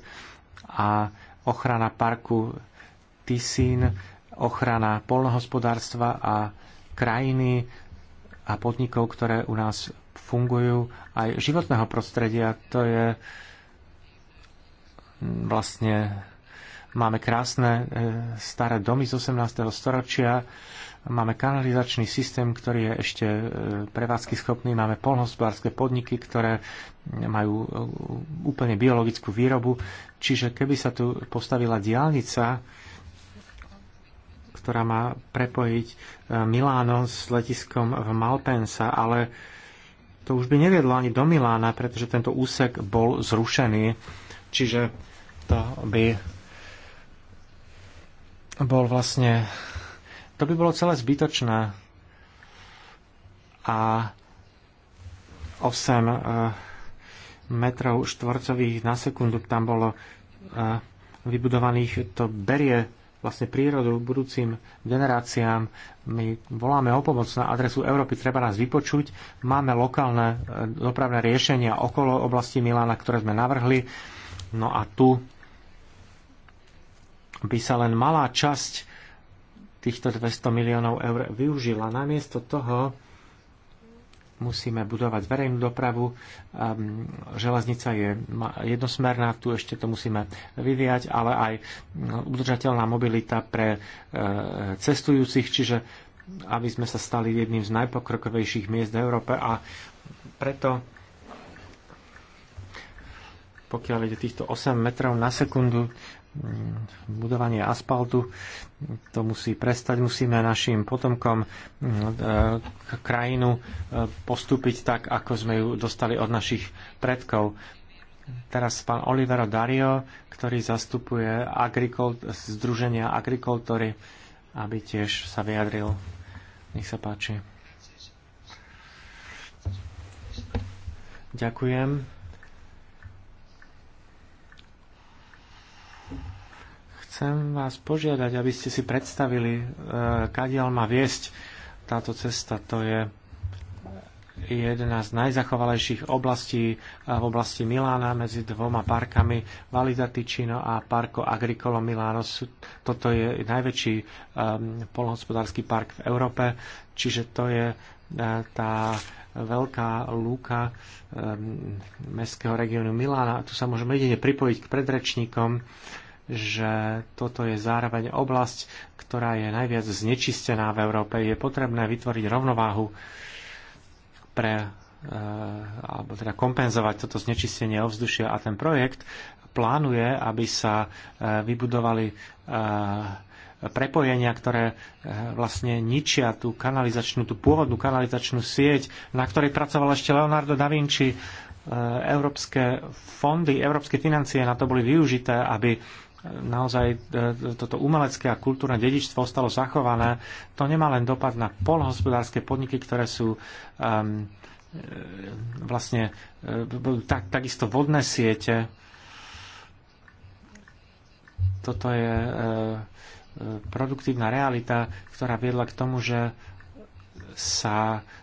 a ochrana parku Tisín, ochrana polnohospodárstva a krajiny, a podnikov, ktoré u nás fungujú, aj životného prostredia. To je mm, vlastne máme krásne e, staré domy z 18. storočia, máme kanalizačný systém, ktorý je ešte e, prevádzky schopný, máme polnohospodárske podniky, ktoré majú e, úplne biologickú výrobu. Čiže keby sa tu postavila diálnica, ktorá má prepojiť e, Miláno s letiskom v Malpensa, ale to už by neviedlo ani do Milána, pretože tento úsek bol zrušený. Čiže to by bol vlastne... To by bolo celé zbytočné. A 8 e, metrov štvorcových na sekundu tam bolo e, vybudovaných, to berie vlastne prírodu budúcim generáciám. My voláme o pomoc na adresu Európy, treba nás vypočuť. Máme lokálne e, dopravné riešenia okolo oblasti Milána, ktoré sme navrhli. No a tu by sa len malá časť týchto 200 miliónov eur využila. Namiesto toho musíme budovať verejnú dopravu. Ehm, železnica je jednosmerná, tu ešte to musíme vyvíjať, ale aj mm, udržateľná mobilita pre e, cestujúcich, čiže aby sme sa stali jedným z najpokrokovejších miest v Európe a preto pokiaľ ide týchto 8 metrov na sekundu, Mm, budovanie asfaltu. To musí prestať. Musíme našim potomkom mm, e, krajinu e, postúpiť tak, ako sme ju dostali od našich predkov. Teraz pán Olivero Dario, ktorý zastupuje agrikol, Združenia agrikultory, aby tiež sa vyjadril. Nech sa páči. Ďakujem Chcem vás požiadať, aby ste si predstavili, e, kadiaľ má viesť táto cesta. To je jedna z najzachovalejších oblastí e, v oblasti Milána medzi dvoma parkami Valida Ticino a Parco Agricolo Milano. Toto je najväčší e, polnohospodársky park v Európe, čiže to je e, tá veľká lúka e, mestského regiónu Milána. Tu sa môžeme jedine pripojiť k predrečníkom. E, že toto je zároveň oblasť, ktorá je najviac znečistená v Európe. Je potrebné vytvoriť rovnováhu pre e, alebo teda kompenzovať toto znečistenie ovzdušia a ten projekt plánuje, aby sa e, vybudovali e, prepojenia, ktoré vlastne ničia tú kanalizačnú, tú pôvodnú kanalizačnú sieť, na ktorej pracoval ešte Leonardo da Vinci. Európske fondy, európske financie na to boli využité, aby naozaj e, toto umelecké a kultúrne dedičstvo ostalo zachované, to nemá len dopad na polhospodárske podniky, ktoré sú um, vlastne e, tak, takisto vodné siete. Toto je uh, produktívna realita, ktorá viedla k tomu, že sa uh,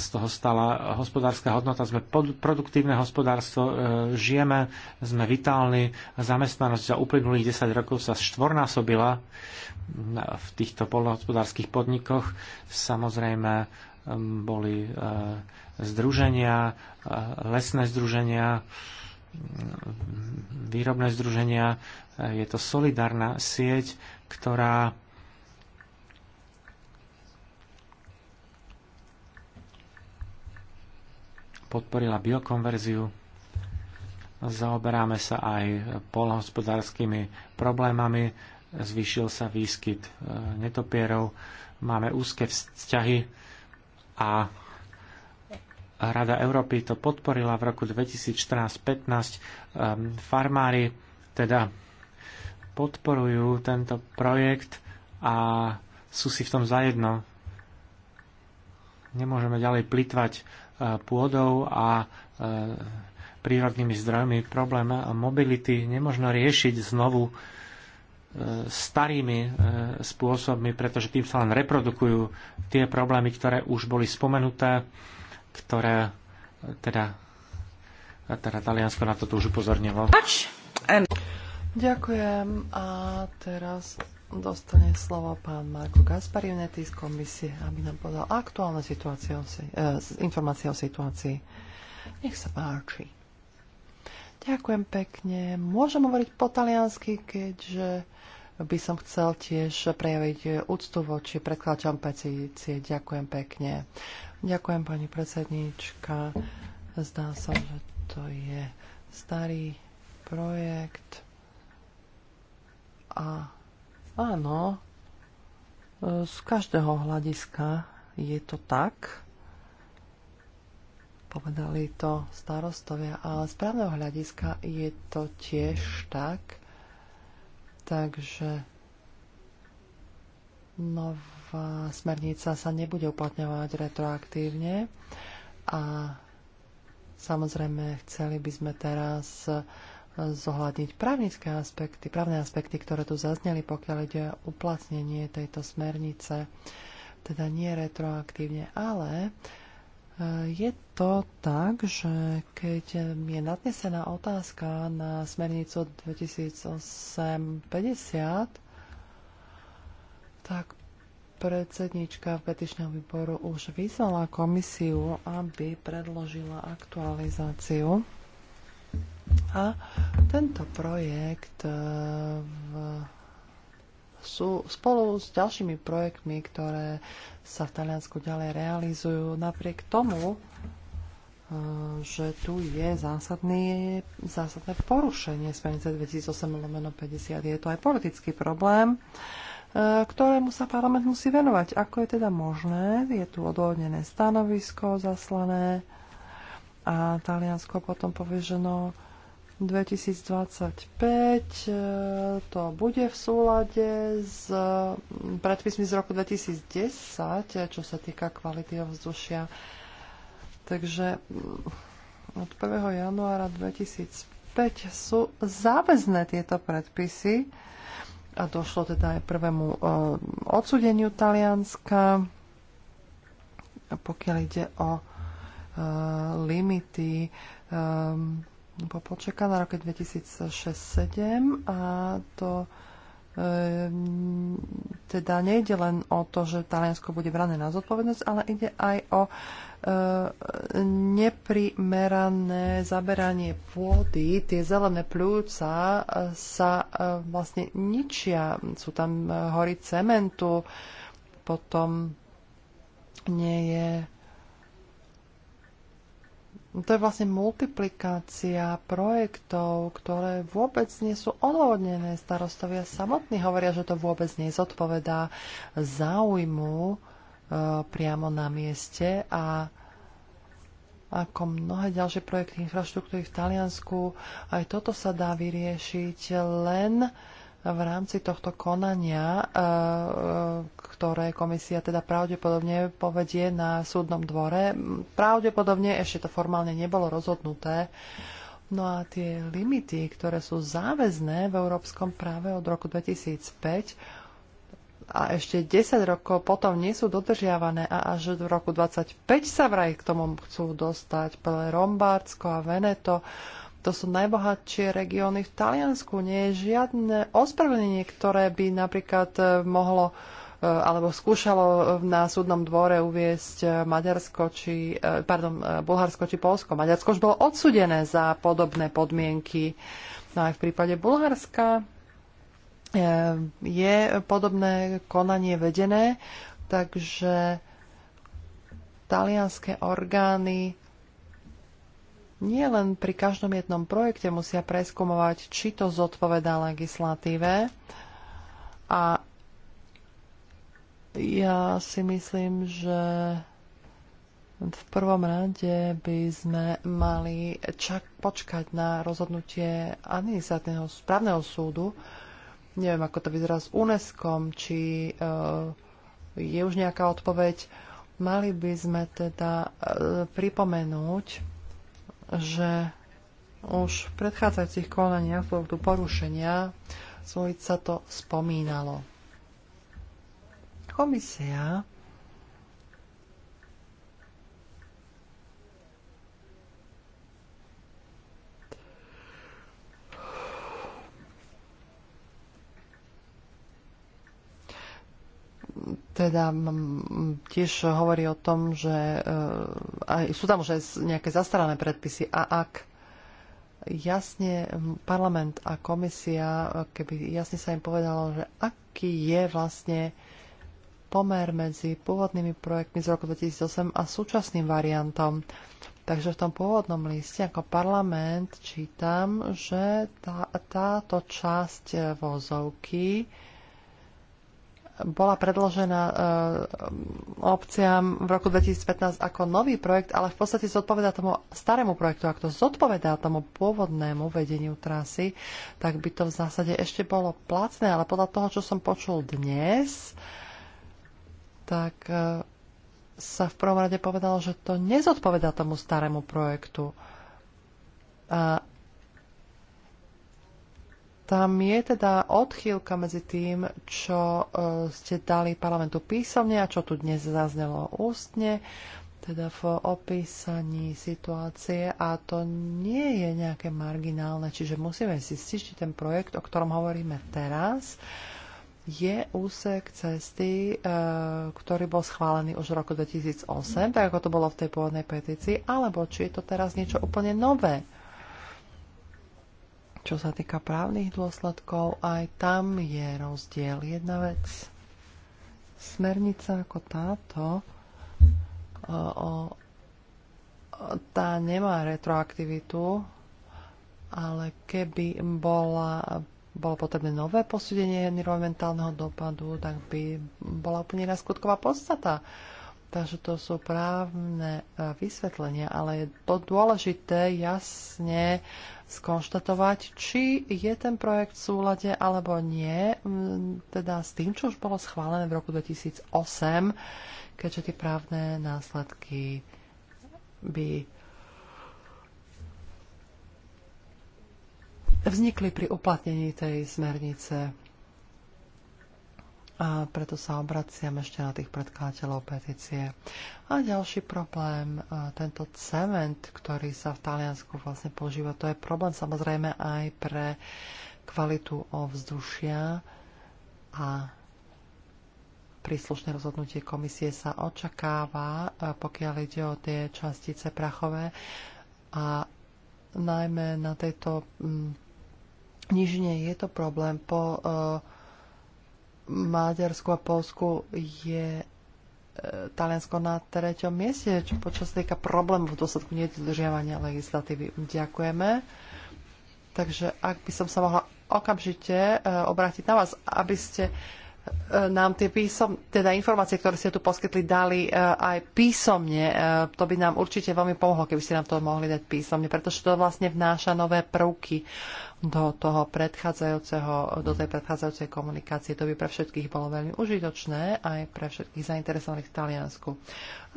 z toho stala hospodárska hodnota. Sme produktívne hospodárstvo, e, žijeme, sme vitálni. Zamestnanosť za uplynulých 10 rokov sa štvornásobila v týchto polnohospodárských podnikoch. Samozrejme e, boli e, združenia, lesné združenia, výrobné združenia. Je to solidárna sieť, ktorá podporila biokonverziu. Zaoberáme sa aj polnohospodárskymi problémami. Zvýšil sa výskyt e, netopierov. Máme úzke vzťahy a Rada Európy to podporila v roku 2014-15. Ehm, farmári teda podporujú tento projekt a sú si v tom zajedno. Nemôžeme ďalej plitvať E, pôdou a e, prírodnými zdrojmi. Problém mobility nemožno riešiť znovu e, starými spôsobmi, pretože tým sa len reprodukujú tie problémy, ktoré už boli spomenuté, ktoré teda, teda Taliansko na to už upozornilo. Ďakujem a teraz dostane slovo pán Marko Gasparinetti z komisie, aby nám podal aktuálne situácie, e, informácie o situácii. Nech sa páči. Ďakujem pekne. Môžem hovoriť po taliansky, keďže by som chcel tiež prejaviť úctu voči predkladateľom petície. Ďakujem pekne. Ďakujem pani predsednička. Zdá sa, že to je starý projekt a Áno, e, z každého hľadiska je to tak. Povedali to starostovia, ale z právneho hľadiska je to tiež tak. Takže nová smernica sa nebude uplatňovať retroaktívne a samozrejme chceli by sme teraz zohľadniť právnické aspekty, právne aspekty, ktoré tu zazneli, pokiaľ ide o uplatnenie tejto smernice, teda nie retroaktívne, ale eh, je to tak, že keď je nadnesená otázka na smernicu 2008-50, tak predsednička petičnom výboru už vyzvala komisiu, aby predložila aktualizáciu a tento projekt e, v, sú spolu s ďalšími projektmi, ktoré sa v Taliansku ďalej realizujú, napriek tomu, e, že tu je zásadný, zásadné porušenie smernice 2008-50. Je to aj politický problém, e, ktorému sa parlament musí venovať. Ako je teda možné? Je tu odhodnené stanovisko zaslané a Taliansko potom povie, že no, 2025 e, to bude v súlade s predpismi z roku 2010, e, čo sa týka kvality ovzdušia. Takže od 1. januára 2005 sú záväzné tieto predpisy a došlo teda aj prvému e, odsudeniu Talianska, pokiaľ ide o limity počeka na roky 2006-2007 a to e, teda nejde len o to, že Taliansko bude brané na zodpovednosť, ale ide aj o e, neprimerané zaberanie pôdy. Tie zelené pľúca eh, sa e, vlastne ničia. Sú tam hory cementu, potom nie je No to je vlastne multiplikácia projektov, ktoré vôbec nie sú odhodnené. Starostovia samotní hovoria, že to vôbec nezodpovedá záujmu e, priamo na mieste a ako mnohé ďalšie projekty infraštruktúry v Taliansku, aj toto sa dá vyriešiť len e, v rámci tohto konania, e, e, ktoré komisia teda pravdepodobne povedie na súdnom dvore. Pravdepodobne ešte to formálne nebolo rozhodnuté. No a tie limity, ktoré sú záväzné v európskom práve od roku 2005 a ešte 10 rokov potom nie sú dodržiavané a až v roku 25 sa vraj k tomu chcú dostať. Pele Rombardsko a Veneto to sú najbohatšie regióny v Taliansku. Nie je žiadne ospravedlnenie, ktoré by napríklad e, mohlo e, alebo skúšalo na súdnom dvore uviesť e, Maďarsko či, pardon, Bulharsko či Polsko. Maďarsko už bolo odsudené za podobné podmienky. No aj v prípade Bulharska je podobné konanie vedené, takže talianské orgány nie len pri každom jednom projekte musia preskúmovať, či to zodpovedá legislatíve. A ja si myslím, že v prvom rade by sme mali čak počkať na rozhodnutie administratívneho správneho súdu. Neviem, ako to vyzerá s UNESCO, či e, je už nejaká odpoveď. Mali by sme teda e, pripomenúť že už v predchádzajúcich konaniach z porušenia svojica to spomínalo. Komisia teda tiež hovorí o tom, že e, aj, sú tam už aj nejaké zastarané predpisy a ak jasne parlament a komisia, e, keby jasne sa im povedalo, že aký je vlastne pomer medzi pôvodnými projektmi z roku 2008 a súčasným variantom. Takže v tom pôvodnom liste ako parlament čítam, že tá, táto časť vozovky bola predložená e, obciam v roku 2015 ako nový projekt, ale v podstate zodpovedá tomu starému projektu. Ak to zodpovedá tomu pôvodnému vedeniu trasy, tak by to v zásade ešte bolo placné, ale podľa toho, čo som počul dnes, tak e, sa v prvom rade povedalo, že to nezodpovedá tomu starému projektu. Uh, tam je teda odchýlka medzi tým, čo e, ste dali parlamentu písomne a čo tu dnes zaznelo ústne, teda v opísaní situácie a to nie je nejaké marginálne, čiže musíme zistiť, či ten projekt, o ktorom hovoríme teraz, je úsek cesty, e, ktorý bol schválený už v roku 2008, tak ako to bolo v tej pôvodnej petícii, alebo či je to teraz niečo úplne nové. Čo sa týka právnych dôsledkov, aj tam je rozdiel. Jedna vec, smernica ako táto, o, tá nemá retroaktivitu, ale keby bola, bolo potrebné nové posúdenie environmentálneho dopadu, tak by bola úplne iná skutková podstata. Takže to sú právne e, vysvetlenia, ale je to dôležité jasne skonštatovať, či je ten projekt v súlade alebo nie, teda s tým, čo už bolo schválené v roku 2008, keďže tie právne následky by vznikli pri uplatnení tej smernice a preto sa obraciam ešte na tých predkladateľov petície. A ďalší problém, e, tento cement, ktorý sa v Taliansku vlastne používa, to je problém samozrejme aj pre kvalitu ovzdušia a príslušné rozhodnutie komisie sa očakáva, e, pokiaľ ide o tie častice prachové a najmä na tejto mm, nižine je to problém po uh, Maďarsku a Polsku je e, Taliansko na treťom mieste, čo počas týka problémov v dôsledku nedodržiavania legislatívy. Ďakujeme. Takže ak by som sa mohla okamžite e, obrátiť na vás, aby ste uh, E, nám tie písom, teda informácie, ktoré ste tu poskytli, dali e, aj písomne. E, to by nám určite veľmi pomohlo, keby ste nám to mohli dať písomne, pretože to vlastne vnáša nové prvky do toho predchádzajúceho, do tej predchádzajúcej komunikácie. To by pre všetkých bolo veľmi užitočné, aj pre všetkých zainteresovaných v Taliansku.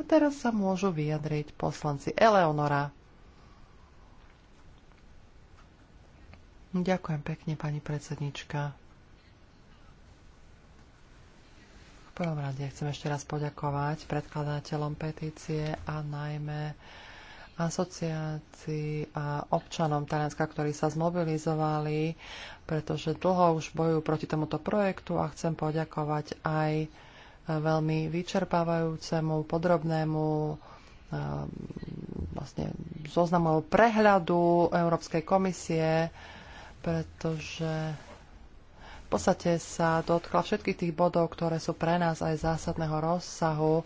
A teraz sa môžu vyjadriť poslanci Eleonora. Ďakujem pekne, pani predsednička. prvom rade chcem ešte raz poďakovať predkladateľom petície a najmä asociácii a občanom Talianska, ktorí sa zmobilizovali, pretože dlho už bojujú proti tomuto projektu a chcem poďakovať aj veľmi vyčerpávajúcemu, podrobnému ehm, vlastne zoznamu prehľadu Európskej komisie, pretože v podstate sa dotkla všetkých tých bodov, ktoré sú pre nás aj zásadného rozsahu, e,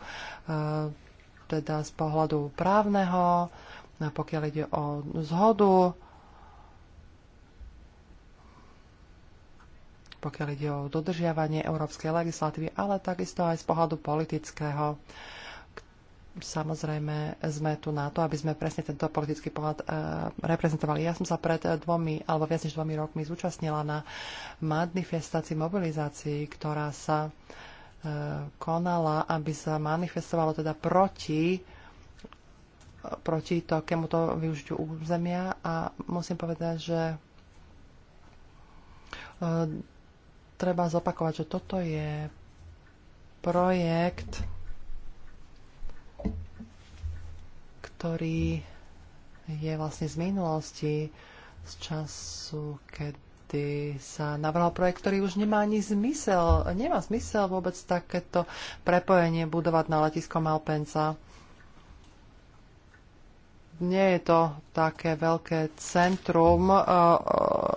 teda z pohľadu právneho, pokiaľ ide o zhodu, pokiaľ ide o dodržiavanie európskej legislatívy, ale takisto aj z pohľadu politického. Samozrejme, sme tu na to, aby sme presne tento politický pohľad eh, reprezentovali. Ja som sa pred dvomi, alebo viac než dvomi rokmi zúčastnila na manifestácii mobilizácií, ktorá sa eh, konala, aby sa manifestovalo teda proti proti to využiťu územia a musím povedať, že eh, treba zopakovať, že toto je projekt, ktorý je vlastne z minulosti, z času, kedy sa navrhol projekt, ktorý už nemá ani zmysel. Nemá zmysel vôbec takéto prepojenie budovať na letisko Malpensa. Nie je to také veľké centrum, e, e,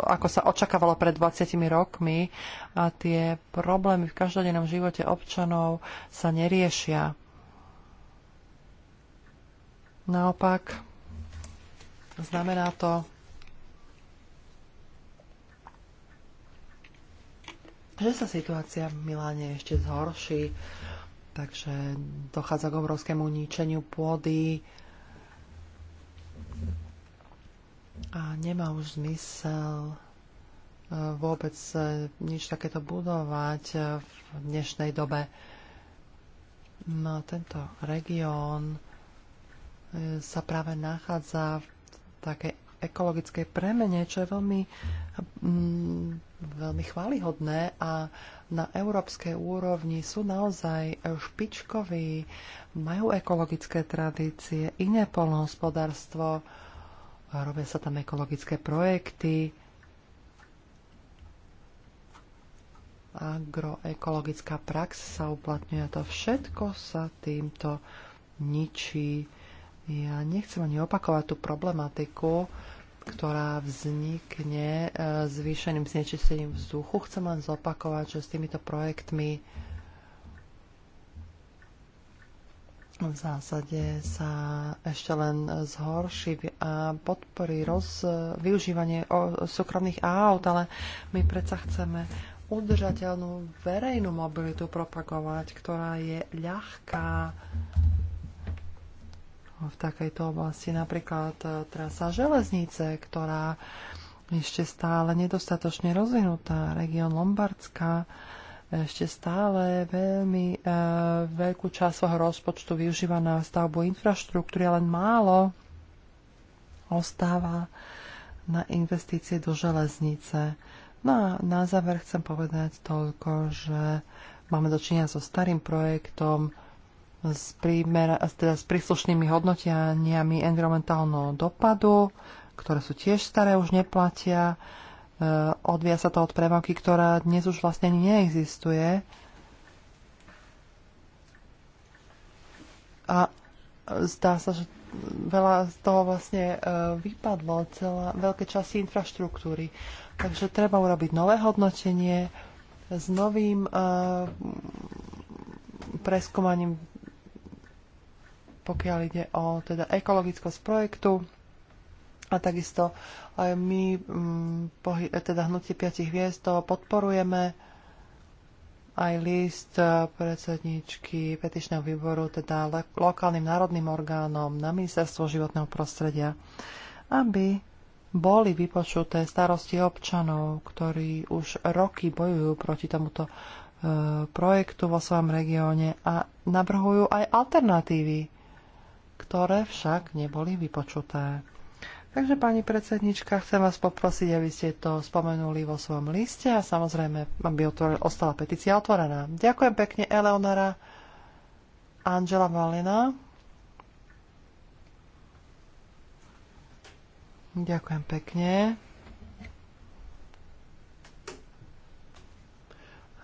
ako sa očakávalo pred 20 rokmi a tie problémy v každodennom živote občanov sa neriešia Naopak, znamená to, že sa situácia v Miláne ešte zhorší, takže dochádza k obrovskému ničeniu pôdy a nemá už zmysel e, vôbec e, nič takéto budovať e, v dnešnej dobe. No, tento región sa práve nachádza v takej ekologickej premene, čo je veľmi, mm, veľmi chválihodné a na európskej úrovni sú naozaj špičkoví, majú ekologické tradície, iné polnohospodárstvo, robia sa tam ekologické projekty, agroekologická prax sa uplatňuje. To všetko sa týmto ničí ja nechcem ani opakovať tú problematiku, ktorá vznikne e, zvýšeným znečistením vzduchu. Chcem len zopakovať, že s týmito projektmi v zásade sa ešte len zhorší a podporí roz, využívanie o, súkromných aut, ale my predsa chceme udržateľnú verejnú mobilitu propagovať, ktorá je ľahká, v takejto oblasti. Napríklad e, trasa železnice, ktorá ešte stále nedostatočne rozvinutá. Región Lombardska ešte stále veľmi e, veľkú časť svojho rozpočtu využíva na stavbu infraštruktúry, len málo ostáva na investície do železnice. No a na záver chcem povedať toľko, že máme dočinia so starým projektom, s, prímer, teda s príslušnými hodnotianiami environmentálneho dopadu, ktoré sú tiež staré, už neplatia. E, Odvia sa to od premávky, ktorá dnes už vlastne ani neexistuje. A zdá sa, že veľa z toho vlastne e, vypadlo, celá, veľké časti infraštruktúry. Takže treba urobiť nové hodnotenie s novým e, preskúmaním pokiaľ ide o teda ekologickosť projektu. A takisto aj my, mm, teda hnutie piatich hviezd, to podporujeme aj list e, predsedničky petičného výboru, teda lokálnym národným orgánom na Ministerstvo životného prostredia, aby boli vypočuté starosti občanov, ktorí už roky bojujú proti tomuto e, projektu vo svojom regióne a navrhujú aj alternatívy ktoré však neboli vypočuté. Takže, pani predsednička, chcem vás poprosiť, aby ste to spomenuli vo svojom liste a samozrejme, aby ostala petícia otvorená. Ďakujem pekne Eleonora Angela Valina. Ďakujem pekne.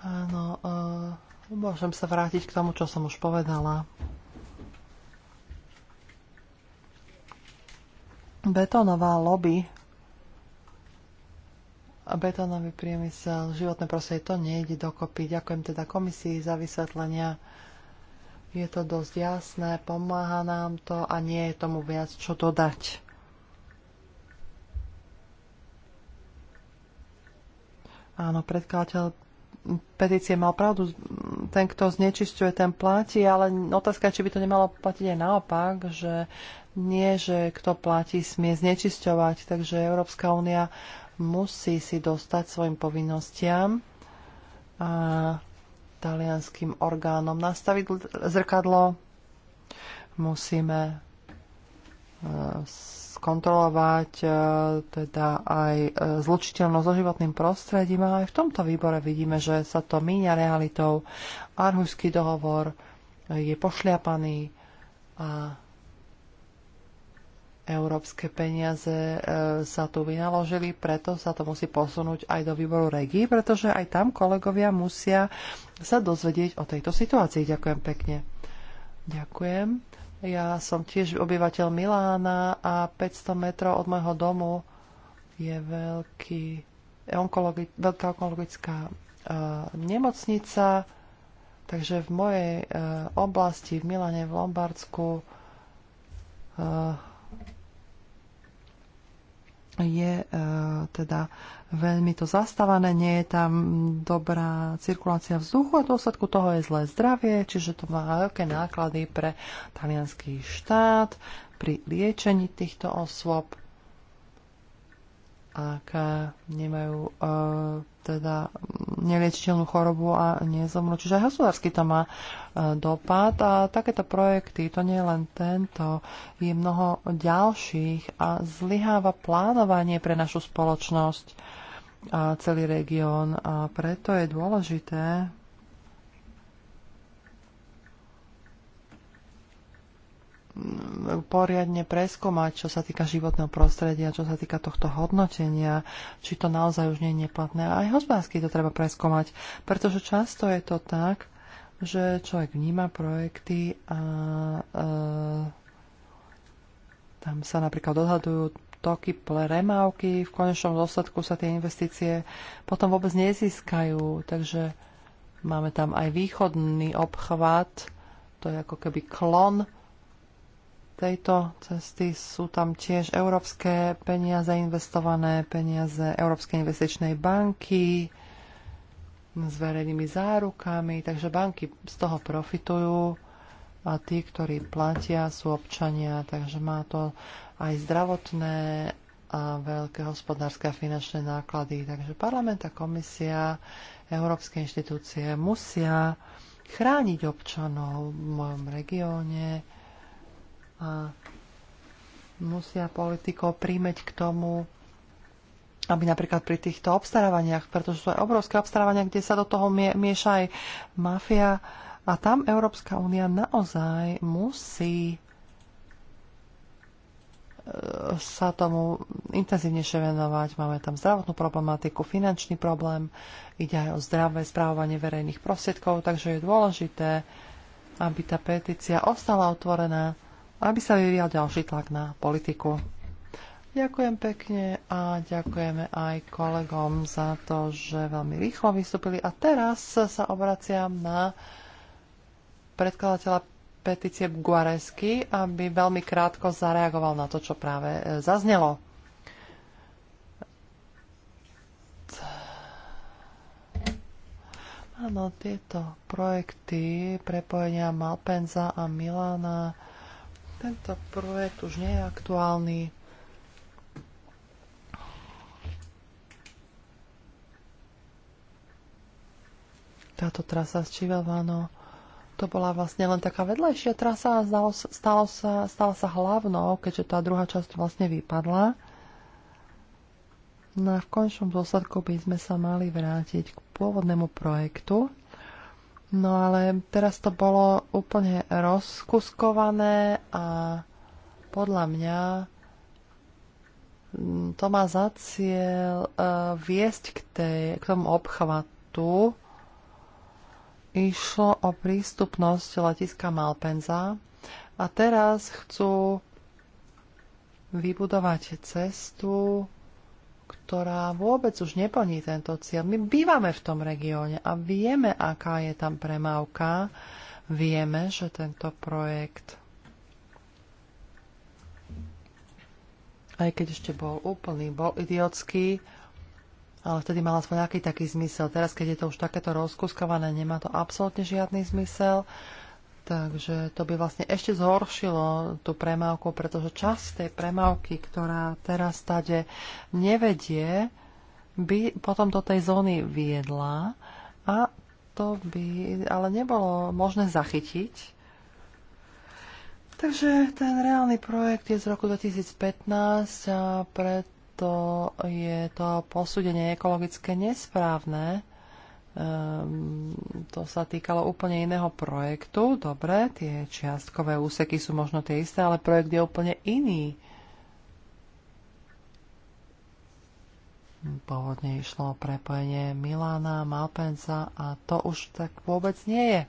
Áno, uh, môžem sa vrátiť k tomu, čo som už povedala. betónová lobby, betónový priemysel, životné prostredie, to nejde dokopy. Ďakujem teda komisii za vysvetlenia. Je to dosť jasné, pomáha nám to a nie je tomu viac čo dodať. Áno, predkladateľ petície mal pravdu. Ten, kto znečisťuje, ten platí, ale otázka je, či by to nemalo platiť aj naopak, že nie, že kto platí, smie znečisťovať. Takže Európska únia musí si dostať svojim povinnostiam a talianským orgánom nastaviť zrkadlo. Musíme e, skontrolovať e, teda aj e, zlučiteľnosť so životným prostredím a aj v tomto výbore vidíme, že sa to míňa realitou. Arhušský dohovor je pošliapaný a európske peniaze e, sa tu vynaložili, preto sa to musí posunúť aj do výboru regí, pretože aj tam kolegovia musia sa dozvedieť o tejto situácii. Ďakujem pekne. Ďakujem. Ja som tiež obyvateľ Milána a 500 metrov od môjho domu je veľký, onkologi, veľká onkologická uh, nemocnica, takže v mojej uh, oblasti v Milane v Lombardsku uh, je e, teda veľmi to zastávané, nie je tam dobrá cirkulácia vzduchu a dôsledku toho je zlé zdravie, čiže to má veľké náklady pre talianský štát pri liečení týchto osôb ak nemajú e, teda neliečiteľnú chorobu a nezomru. Čiže aj hospodársky to má e, dopad a takéto projekty, to nie je len tento, je mnoho ďalších a zlyháva plánovanie pre našu spoločnosť a celý región a preto je dôležité poriadne preskomať, čo sa týka životného prostredia, čo sa týka tohto hodnotenia, či to naozaj už nie je neplatné. A aj hospodársky to treba preskomať, pretože často je to tak, že človek vníma projekty a e, tam sa napríklad odhadujú toky, remávky, v konečnom dôsledku sa tie investície potom vôbec nezískajú, takže máme tam aj východný obchvat, to je ako keby klon tejto cesty sú tam tiež európske peniaze investované, peniaze Európskej investičnej banky s verejnými zárukami, takže banky z toho profitujú a tí, ktorí platia, sú občania, takže má to aj zdravotné a veľké hospodárske a finančné náklady. Takže parlament a komisia, európske inštitúcie musia chrániť občanov v mojom regióne a musia politikov príjmeť k tomu, aby napríklad pri týchto obstarávaniach, pretože sú aj obrovské obstarávania, kde sa do toho mieša aj mafia a tam Európska únia naozaj musí e, sa tomu intenzívnejšie venovať. Máme tam zdravotnú problematiku, finančný problém, ide aj o zdravé správovanie verejných prostriedkov, takže je dôležité, aby tá petícia ostala otvorená aby sa vyvíjal ďalší tlak na politiku. Ďakujem pekne a ďakujeme aj kolegom za to, že veľmi rýchlo vystúpili. A teraz sa obraciam na predkladateľa petície Guaresky, aby veľmi krátko zareagoval na to, čo práve e, zaznelo. Áno, tieto projekty prepojenia Malpenza a Milana tento projekt už nie je aktuálny. Táto trasa z Čivelvano to bola vlastne len taká vedlejšia trasa a stala sa, stala sa hlavnou, keďže tá druhá časť vlastne vypadla. No a v končnom dôsledku by sme sa mali vrátiť k pôvodnému projektu, No ale teraz to bolo úplne rozkuskované a podľa mňa mm, to má za cieľ uh, viesť k, tej, k tomu obchvatu. Išlo o prístupnosť letiska Malpenza a teraz chcú vybudovať cestu ktorá vôbec už neplní tento cieľ. My bývame v tom regióne a vieme, aká je tam premávka. Vieme, že tento projekt, aj keď ešte bol úplný, bol idiotský, ale vtedy mala aspoň nejaký taký zmysel. Teraz, keď je to už takéto rozkuskované, nemá to absolútne žiadny zmysel. Takže to by vlastne ešte zhoršilo tú premávku, pretože časť tej premávky, ktorá teraz tade nevedie, by potom do tej zóny viedla a to by ale nebolo možné zachytiť. Takže ten reálny projekt je z roku 2015 a preto je to posúdenie ekologické nesprávne Um, to sa týkalo úplne iného projektu. Dobre, tie čiastkové úseky sú možno tie isté, ale projekt je úplne iný. Pôvodne išlo o prepojenie Milána, Malpensa a to už tak vôbec nie je.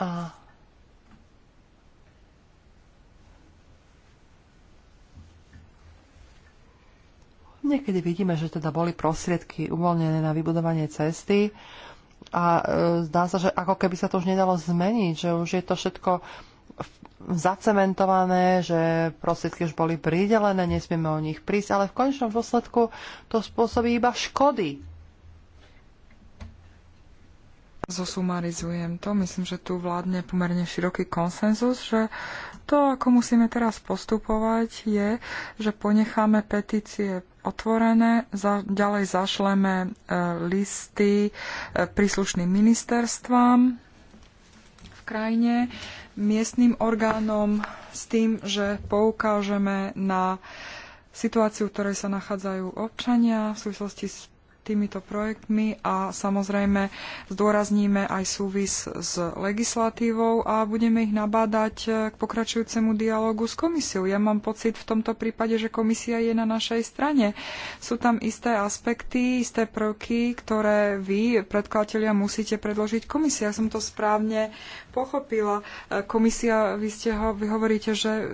A Niekedy vidíme, že teda boli prostriedky uvoľnené na vybudovanie cesty a e, zdá sa, že ako keby sa to už nedalo zmeniť, že už je to všetko zacementované, že prostriedky už boli pridelené, nesmieme o nich prísť, ale v konečnom dôsledku to spôsobí iba škody. Zosumarizujem to. Myslím, že tu vládne pomerne široký konsenzus, že to, ako musíme teraz postupovať, je, že ponecháme petície otvorené. Za, ďalej zašleme e, listy e, príslušným ministerstvám v krajine, miestnym orgánom s tým, že poukážeme na situáciu, v ktorej sa nachádzajú občania v súvislosti s týmito projektmi a samozrejme zdôrazníme aj súvis s legislatívou a budeme ich nabádať eh, k pokračujúcemu dialogu s komisiou. Ja mám pocit v tomto prípade, že komisia je na našej strane. Sú tam isté aspekty, isté prvky, ktoré vy, predkladatelia, musíte predložiť komisii. Ja som to správne pochopila. E, komisia, vy, ste ho, vy hovoríte, že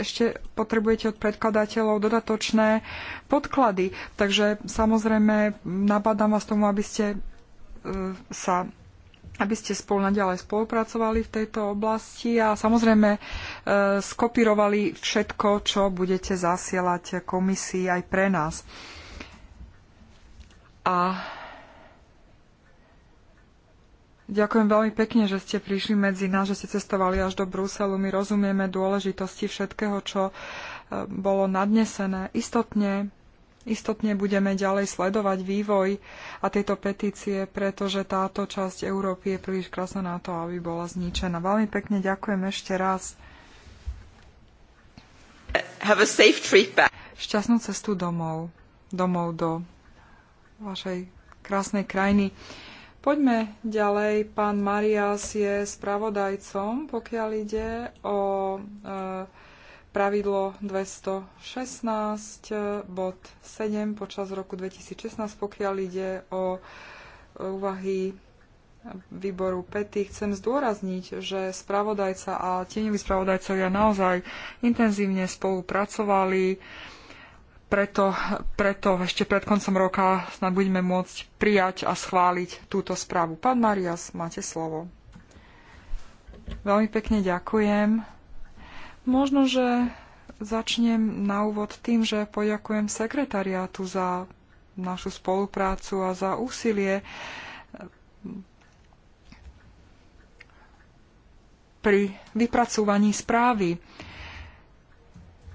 ešte potrebujete od predkladateľov dodatočné podklady. Takže samozrejme nabádam vás tomu, aby ste e, sa aby ste spolu naďalej spolupracovali v tejto oblasti a samozrejme e, skopírovali všetko, čo budete zasielať komisii aj pre nás. A Ďakujem veľmi pekne, že ste prišli medzi nás, že ste cestovali až do Bruselu. My rozumieme dôležitosti všetkého, čo e, bolo nadnesené. Istotne, istotne budeme ďalej sledovať vývoj a tieto petície, pretože táto časť Európy je príliš krásna na to, aby bola zničená. Veľmi pekne ďakujem ešte raz. Have a safe trip back. Šťastnú cestu domov, domov do vašej krásnej krajiny. Poďme ďalej. Pán Marias je spravodajcom, pokiaľ ide o e, pravidlo 216 bod 7 počas roku 2016, pokiaľ ide o e, úvahy výboru Pety, Chcem zdôrazniť, že spravodajca a tieňoví spravodajcovia naozaj intenzívne spolupracovali. E, preto, preto ešte pred koncom roka snad budeme môcť prijať a schváliť túto správu. Pán Marias, máte slovo. Veľmi pekne ďakujem. Možno, že začnem na úvod tým, že poďakujem sekretariátu za našu spoluprácu a za úsilie pri vypracúvaní správy.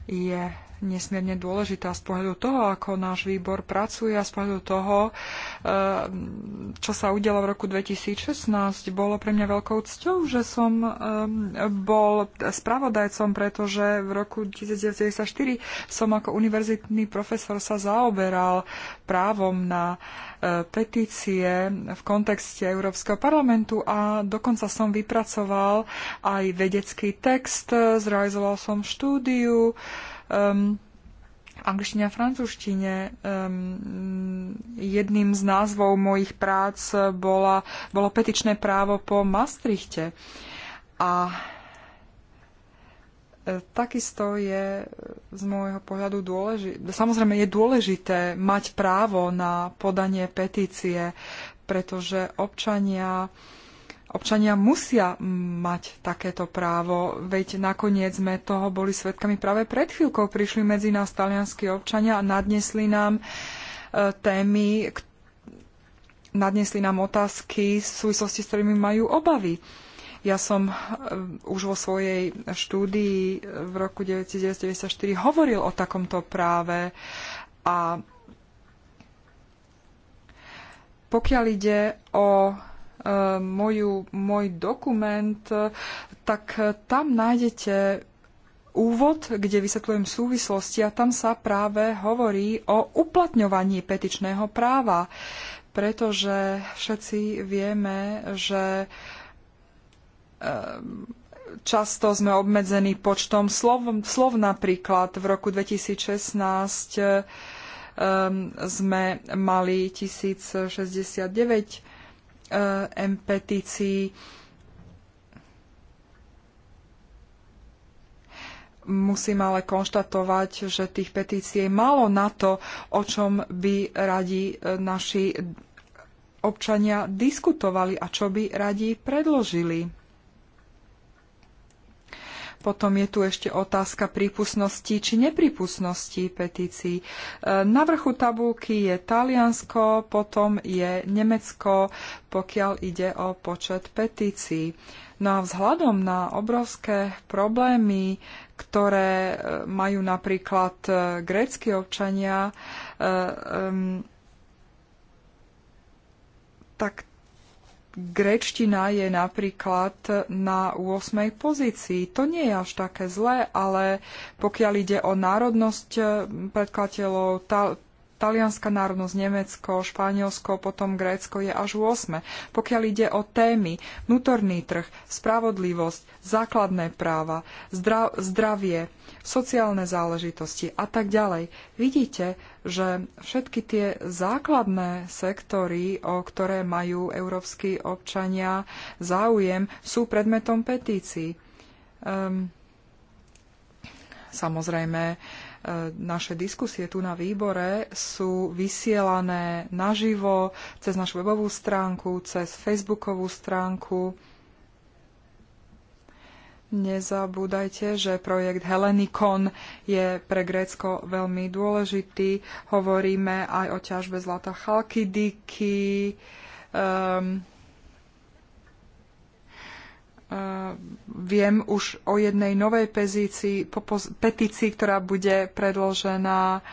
Je nesmierne dôležitá z pohľadu toho, ako náš výbor pracuje a z pohľadu toho, eh, čo sa udialo v roku 2016. Bolo pre mňa veľkou cťou, že som eh, bol spravodajcom, pretože v roku 1994 som ako univerzitný profesor sa zaoberal právom na eh, petície v kontexte Európskeho parlamentu a dokonca som vypracoval aj vedecký text, zrealizoval som štúdiu, uh, um, angličtine a francúzštine. Um, jedným z názvov mojich prác bola, bolo petičné právo po Maastrichte. A e, Takisto je z môjho pohľadu dôležité, samozrejme je dôležité mať právo na podanie petície, pretože občania Občania musia mať takéto právo, veď nakoniec sme toho boli svetkami práve pred chvíľkou. Prišli medzi nás talianskí občania a nadnesli nám e, témy, nadnesli nám otázky v súvislosti, s ktorými majú obavy. Ja som e, už vo svojej štúdii e, v roku 1994 hovoril o takomto práve a pokiaľ ide o moju, môj dokument, tak tam nájdete úvod, kde vysvetľujem súvislosti a tam sa práve hovorí o uplatňovaní petičného práva, pretože všetci vieme, že eh, často sme obmedzení počtom slov, slov napríklad v roku 2016 eh, sme mali 1069 Eh, petícií. Musím ale konštatovať, že tých petícií je málo na to, o čom by radi eh, naši občania diskutovali a čo by radi predložili potom je tu ešte otázka prípustnosti či nepripustnosti petícií. E, na vrchu tabulky je Taliansko, potom je Nemecko, pokiaľ ide o počet petícií. No a vzhľadom na obrovské problémy, ktoré e, majú napríklad e, grécky občania, tak Gréčtina je napríklad na 8. pozícii. To nie je až také zlé, ale pokiaľ ide o národnosť eh, predkladateľov, talianska národnosť, Nemecko, Španielsko, potom Grécko je až 8. Pokiaľ ide o témy, vnútorný trh, spravodlivosť, základné práva, zdravie, sociálne záležitosti a tak ďalej, vidíte, že všetky tie základné sektory, o ktoré majú európsky občania záujem, sú predmetom petícií. Um, samozrejme, naše diskusie tu na výbore sú vysielané naživo cez našu webovú stránku, cez facebookovú stránku. Nezabúdajte, že projekt Helenikon je pre Grécko veľmi dôležitý. Hovoríme aj o ťažbe zlata chalkidiky, um, ehm, viem už o jednej novej petícii, petícii ktorá bude predložená.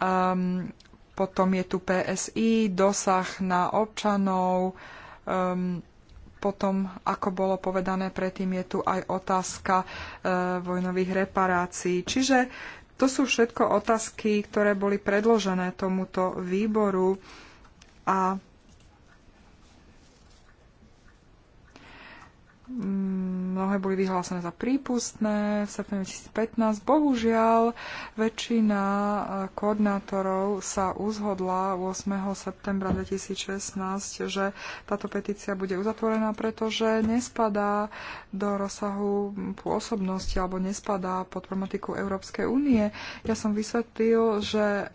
Um, potom je tu PSI, dosah na občanov. Um, potom, ako bolo povedané predtým, je tu aj otázka uh, vojnových reparácií. Čiže to sú všetko otázky, ktoré boli predložené tomuto výboru a mnohé boli vyhlásené za prípustné v septembri 2015. Bohužiaľ, väčšina eh, koordinátorov sa uzhodla 8. septembra 2016, že táto petícia bude uzatvorená, pretože nespadá do rozsahu pôsobnosti alebo nespadá pod problematiku Európskej únie. Ja som vysvetlil, že eh,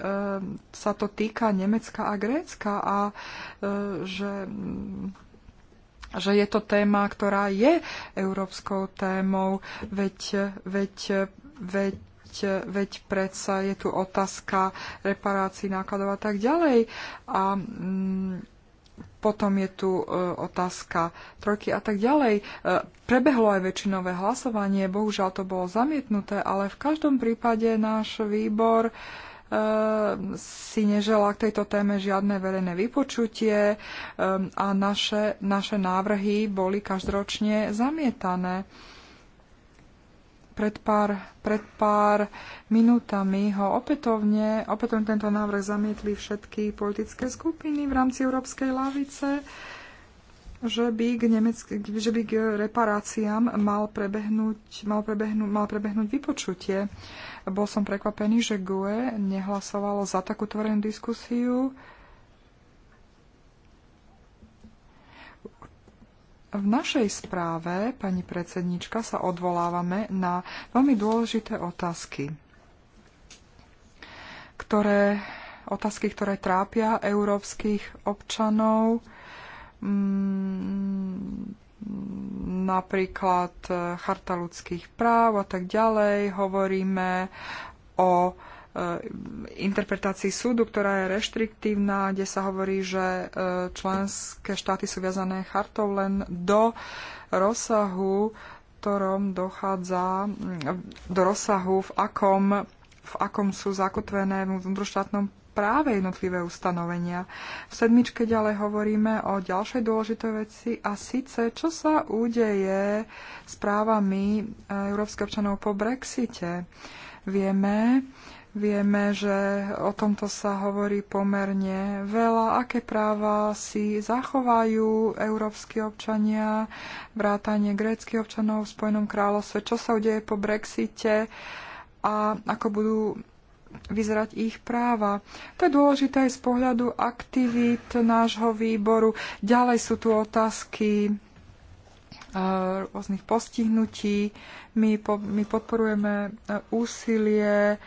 sa to týka Nemecka a Grécka a eh, že mm, že je to téma, ktorá je európskou témou, veď, veď, veď veď predsa je tu otázka reparácií nákladov a tak ďalej. A mm, potom je tu e, otázka trojky a tak ďalej. E, prebehlo aj väčšinové hlasovanie, bohužiaľ to bolo zamietnuté, ale v každom prípade náš výbor e, Ehm, si neželá k tejto téme žiadne verejné vypočutie ehm, a naše, naše návrhy boli každoročne zamietané. Pred pár, pred pár minútami ho opätovne, opätovne tento návrh zamietli všetky politické skupiny v rámci Európskej lavice že by k, nemeck- že by k reparáciám mal prebehnúť, mal prebehnúť, mal prebehnúť vypočutie. Bol som prekvapený, že GUE nehlasovalo za takú tvorenú diskusiu. V našej správe, pani predsednička, sa odvolávame na veľmi dôležité otázky, ktoré, otázky, ktoré trápia európskych občanov. Mm, napríklad e, Charta ľudských práv a tak ďalej. Hovoríme o e, interpretácii súdu, ktorá je reštriktívna, kde sa hovorí, že e, členské štáty sú viazané chartou len do rozsahu, ktorom dochádza, do rozsahu, v akom, v akom sú zakotvené v vnútroštátnom práve jednotlivé ustanovenia. V sedmičke ďalej hovoríme o ďalšej dôležitej veci a síce, čo sa údeje s právami e, európskych občanov po Brexite. Vieme, Vieme, že o tomto sa hovorí pomerne veľa, aké práva si zachovajú európsky občania, vrátanie gréckych občanov v Spojenom kráľovstve, čo sa udeje po Brexite a ako budú vyzerať ich práva. To je dôležité aj z pohľadu aktivít nášho výboru. Ďalej sú tu otázky eh, rôznych postihnutí. My, po, my podporujeme eh, úsilie eh,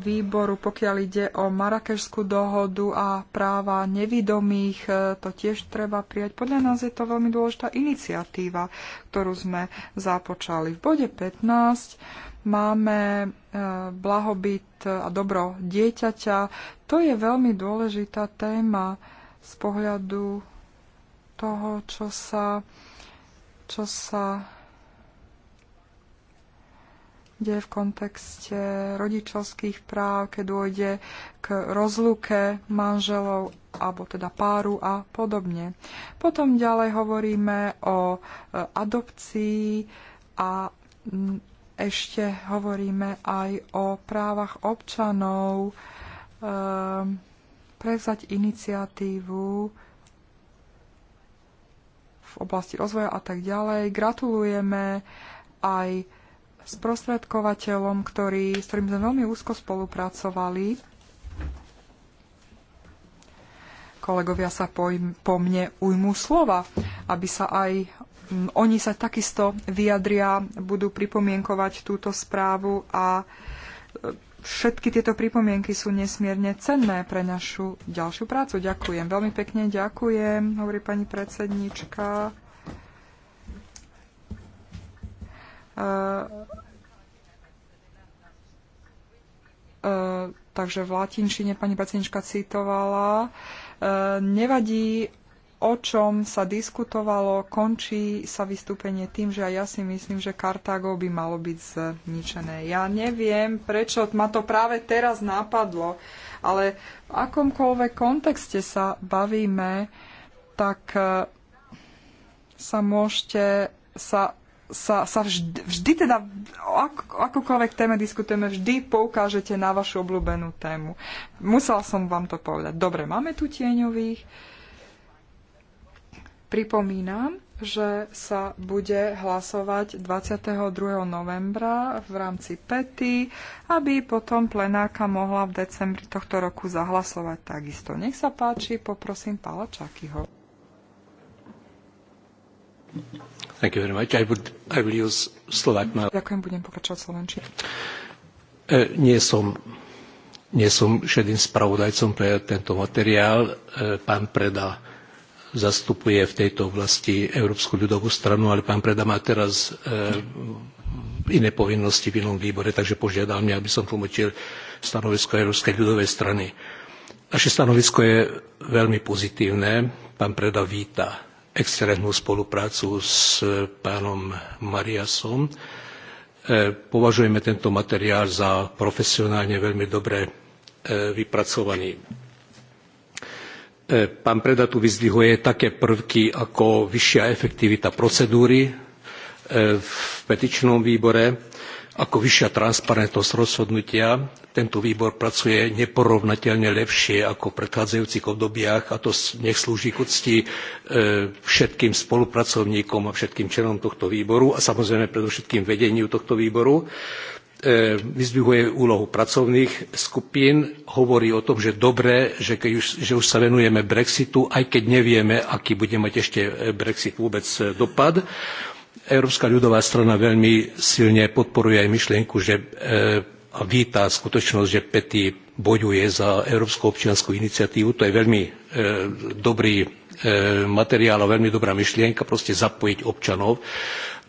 výboru, pokiaľ ide o Marrakešskú dohodu a práva nevidomých, to tiež treba prijať. Podľa nás je to veľmi dôležitá iniciatíva, ktorú sme započali. V bode 15 máme e, blahobyt a dobro dieťaťa. To je veľmi dôležitá téma z pohľadu toho, čo sa, čo sa deje v kontexte rodičovských práv, keď dôjde k rozluke manželov alebo teda páru a podobne. Potom ďalej hovoríme o e, adopcii a ešte hovoríme aj o právach občanov, ehm, prevzať iniciatívu v oblasti rozvoja a tak ďalej. Gratulujeme aj sprostredkovateľom, ktorý, s ktorým sme veľmi úzko spolupracovali. Kolegovia sa po, po mne ujmú slova, aby sa aj Mm, oni sa takisto vyjadria, budú pripomienkovať túto správu a e, všetky tieto pripomienky sú nesmierne cenné pre našu ďalšiu prácu. Ďakujem. Veľmi pekne ďakujem, hovorí pani predsednička. Uh, uh, takže v latinčine pani pacienčka citovala. Uh, nevadí, o čom sa diskutovalo, končí sa vystúpenie tým, že aj ja si myslím, že Kartágo by malo byť zničené. Ja neviem, prečo ma to práve teraz napadlo, ale v akomkoľvek kontexte sa bavíme, tak e, sa môžete sa sa, sa vždy, vždy teda o ak, téme diskutujeme, vždy poukážete na vašu obľúbenú tému. Musela som vám to povedať. Dobre, máme tu tieňových. Uh, Pripomínam, že sa bude hlasovať 22. novembra v rámci PETY, aby potom plenáka mohla v decembri tohto roku zahlasovať takisto. Nech sa páči, poprosím Pála Čakyho. Thank you very much. I would, I will use Slovak now. Ďakujem, budem pokračovať Slovenči. E, nie som nie som šedým spravodajcom pre tento materiál. E, pán Preda zastupuje v tejto oblasti Európsku ľudovú stranu, ale pán Preda má teraz eh, iné povinnosti v inom výbore, takže požiadal mňa, aby som tlmočil stanovisko Európskej ľudovej strany. Naše stanovisko je veľmi pozitívne. Pán Preda víta excelentnú spoluprácu s eh, pánom Mariasom. Eh, považujeme tento materiál za profesionálne veľmi dobre vypracovaný. E, pán Preda tu vyzdvihuje také prvky ako vyššia efektivita procedúry e, v petičnom výbore, ako vyššia transparentnosť rozhodnutia. Tento výbor pracuje neporovnateľne lepšie ako v predchádzajúcich obdobiach a to nech slúži k úcti e, všetkým spolupracovníkom a všetkým členom tohto výboru a samozrejme predovšetkým vedeniu tohto výboru. E, vyzdvihuje úlohu pracovných skupín, hovorí o tom, že dobre, že, keď už, že už sa venujeme Brexitu, aj keď nevieme, aký bude mať ešte e, Brexit vôbec e, dopad. Európska ľudová strana veľmi silne podporuje aj myšlienku, že a víta skutočnosť, že Peti bojuje za Európsku občiansku iniciatívu. To je veľmi e, dobrý e, materiál a veľmi dobrá myšlienka, proste zapojiť občanov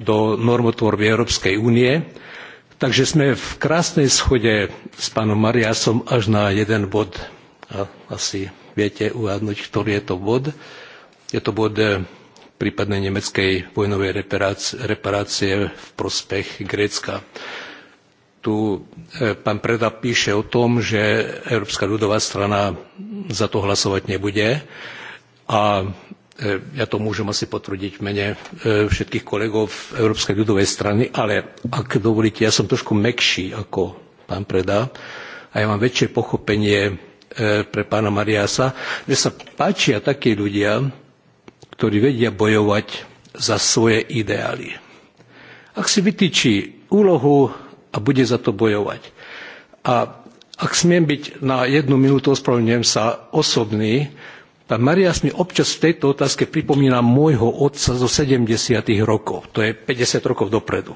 do normotvorby Európskej únie. Takže sme v krásnej schode s pánom Mariasom až na jeden bod. A asi viete uhádnuť, ktorý je to bod. Je to bod eh, prípadnej nemeckej vojnovej reparácie, reparácie v prospech Grécka. Tu eh, pán Preda píše o tom, že Európska ľudová strana za to hlasovať nebude a E, ja to môžem asi potvrdiť v mene e, všetkých kolegov v Európskej ľudovej strany, ale ak dovolíte, ja som trošku mekší ako pán Preda a ja mám väčšie pochopenie e, pre pána Mariasa, že sa páčia takí ľudia, ktorí vedia bojovať za svoje ideály. Ak si vytýči úlohu a bude za to bojovať. A ak smiem byť na jednu minútu, ospravedlňujem sa, osobný, Pán Marias mi občas v tejto otázke pripomína môjho otca zo 70. rokov. To je 50 rokov dopredu.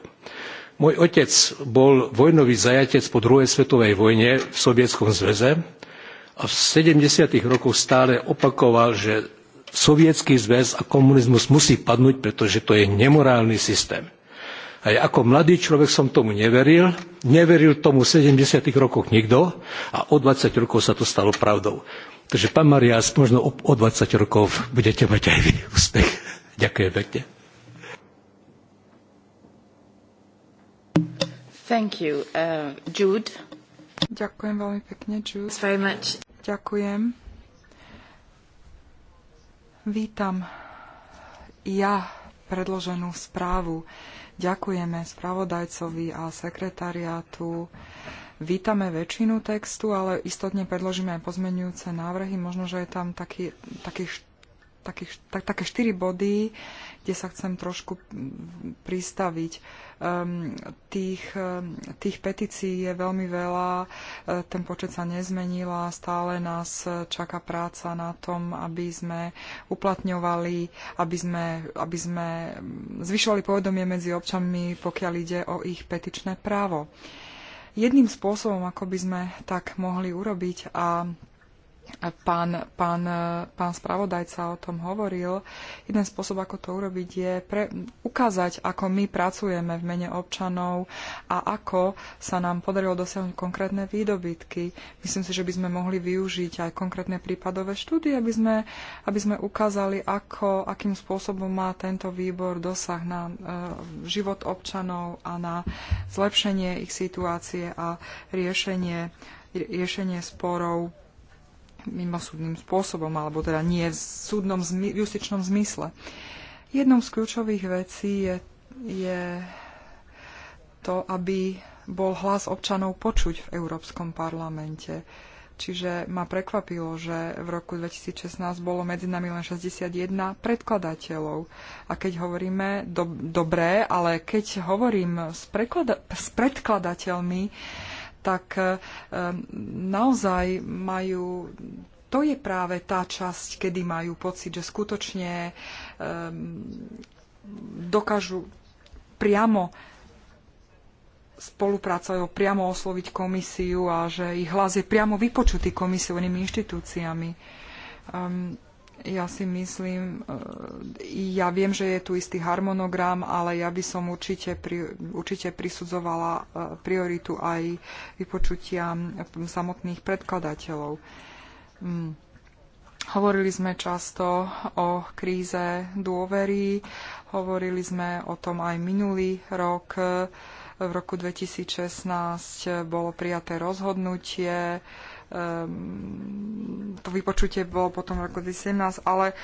Môj otec bol vojnový zajatec po druhej svetovej vojne v Sovietskom zväze a v 70. rokoch stále opakoval, že Sovietsky zväz a komunizmus musí padnúť, pretože to je nemorálny systém. A ja ako mladý človek som tomu neveril, neveril tomu v 70. rokoch nikto a o 20 rokov sa to stalo pravdou. Takže pán Marias, možno o 20 rokov budete mať aj vy úspech. Ďakujem pekne. Thank you. Uh, Jude. Ďakujem veľmi pekne, Jude. It's very much. Ďakujem. Vítam ja predloženú správu. Ďakujeme spravodajcovi a sekretariátu. Uh, Vítame väčšinu textu, ale istotne predložíme aj pozmenujúce návrhy. Možno, že je tam taký, taký, taký, tak, také štyri body, kde sa chcem trošku pristaviť. Um, tých, ehm, tých petícií je veľmi veľa, e, ten počet sa nezmenil a stále nás čaká práca na tom, aby sme uplatňovali, aby sme, aby sme zvyšovali povedomie medzi občanmi, pokiaľ ide o ich petičné právo. Uh, jedným spôsobom, ako by sme tak mohli urobiť a Pán, pán, pán spravodajca o tom hovoril. Jeden spôsob, ako to urobiť, je pre, ukázať, ako my pracujeme v mene občanov a ako sa nám podarilo dosiahnuť konkrétne výdobytky. Myslím si, že by sme mohli využiť aj konkrétne prípadové štúdie, aby sme, aby sme ukázali, ako, akým spôsobom má tento výbor dosah na uh, život občanov a na zlepšenie ich situácie a riešenie, riešenie sporov mimosúdnym spôsobom, alebo teda nie v súdnom, v justičnom zmysle. Jednou z kľúčových vecí je, je to, aby bol hlas občanov počuť v Európskom parlamente. Čiže ma prekvapilo, že v roku 2016 bolo medzi nami len 61 predkladateľov. A keď hovoríme do, dobré, ale keď hovorím s, preklada- s predkladateľmi, tak eh, naozaj majú to je práve tá časť, kedy majú pocit, že skutočne um, dokážu priamo spolupracovať, priamo osloviť komisiu a že ich hlas je priamo vypočutý komisiovnými inštitúciami. Um, ja si myslím, e, ja viem, že je tu istý harmonogram, ale ja by som určite, pri, určite prisudzovala e, prioritu aj vypočutiam samotných predkladateľov. Mm. Hovorili sme často o kríze dôvery, hovorili sme o tom aj minulý rok. V roku 2016 bolo prijaté rozhodnutie, Ehm, to vypočutie bolo potom v roku 2017, ale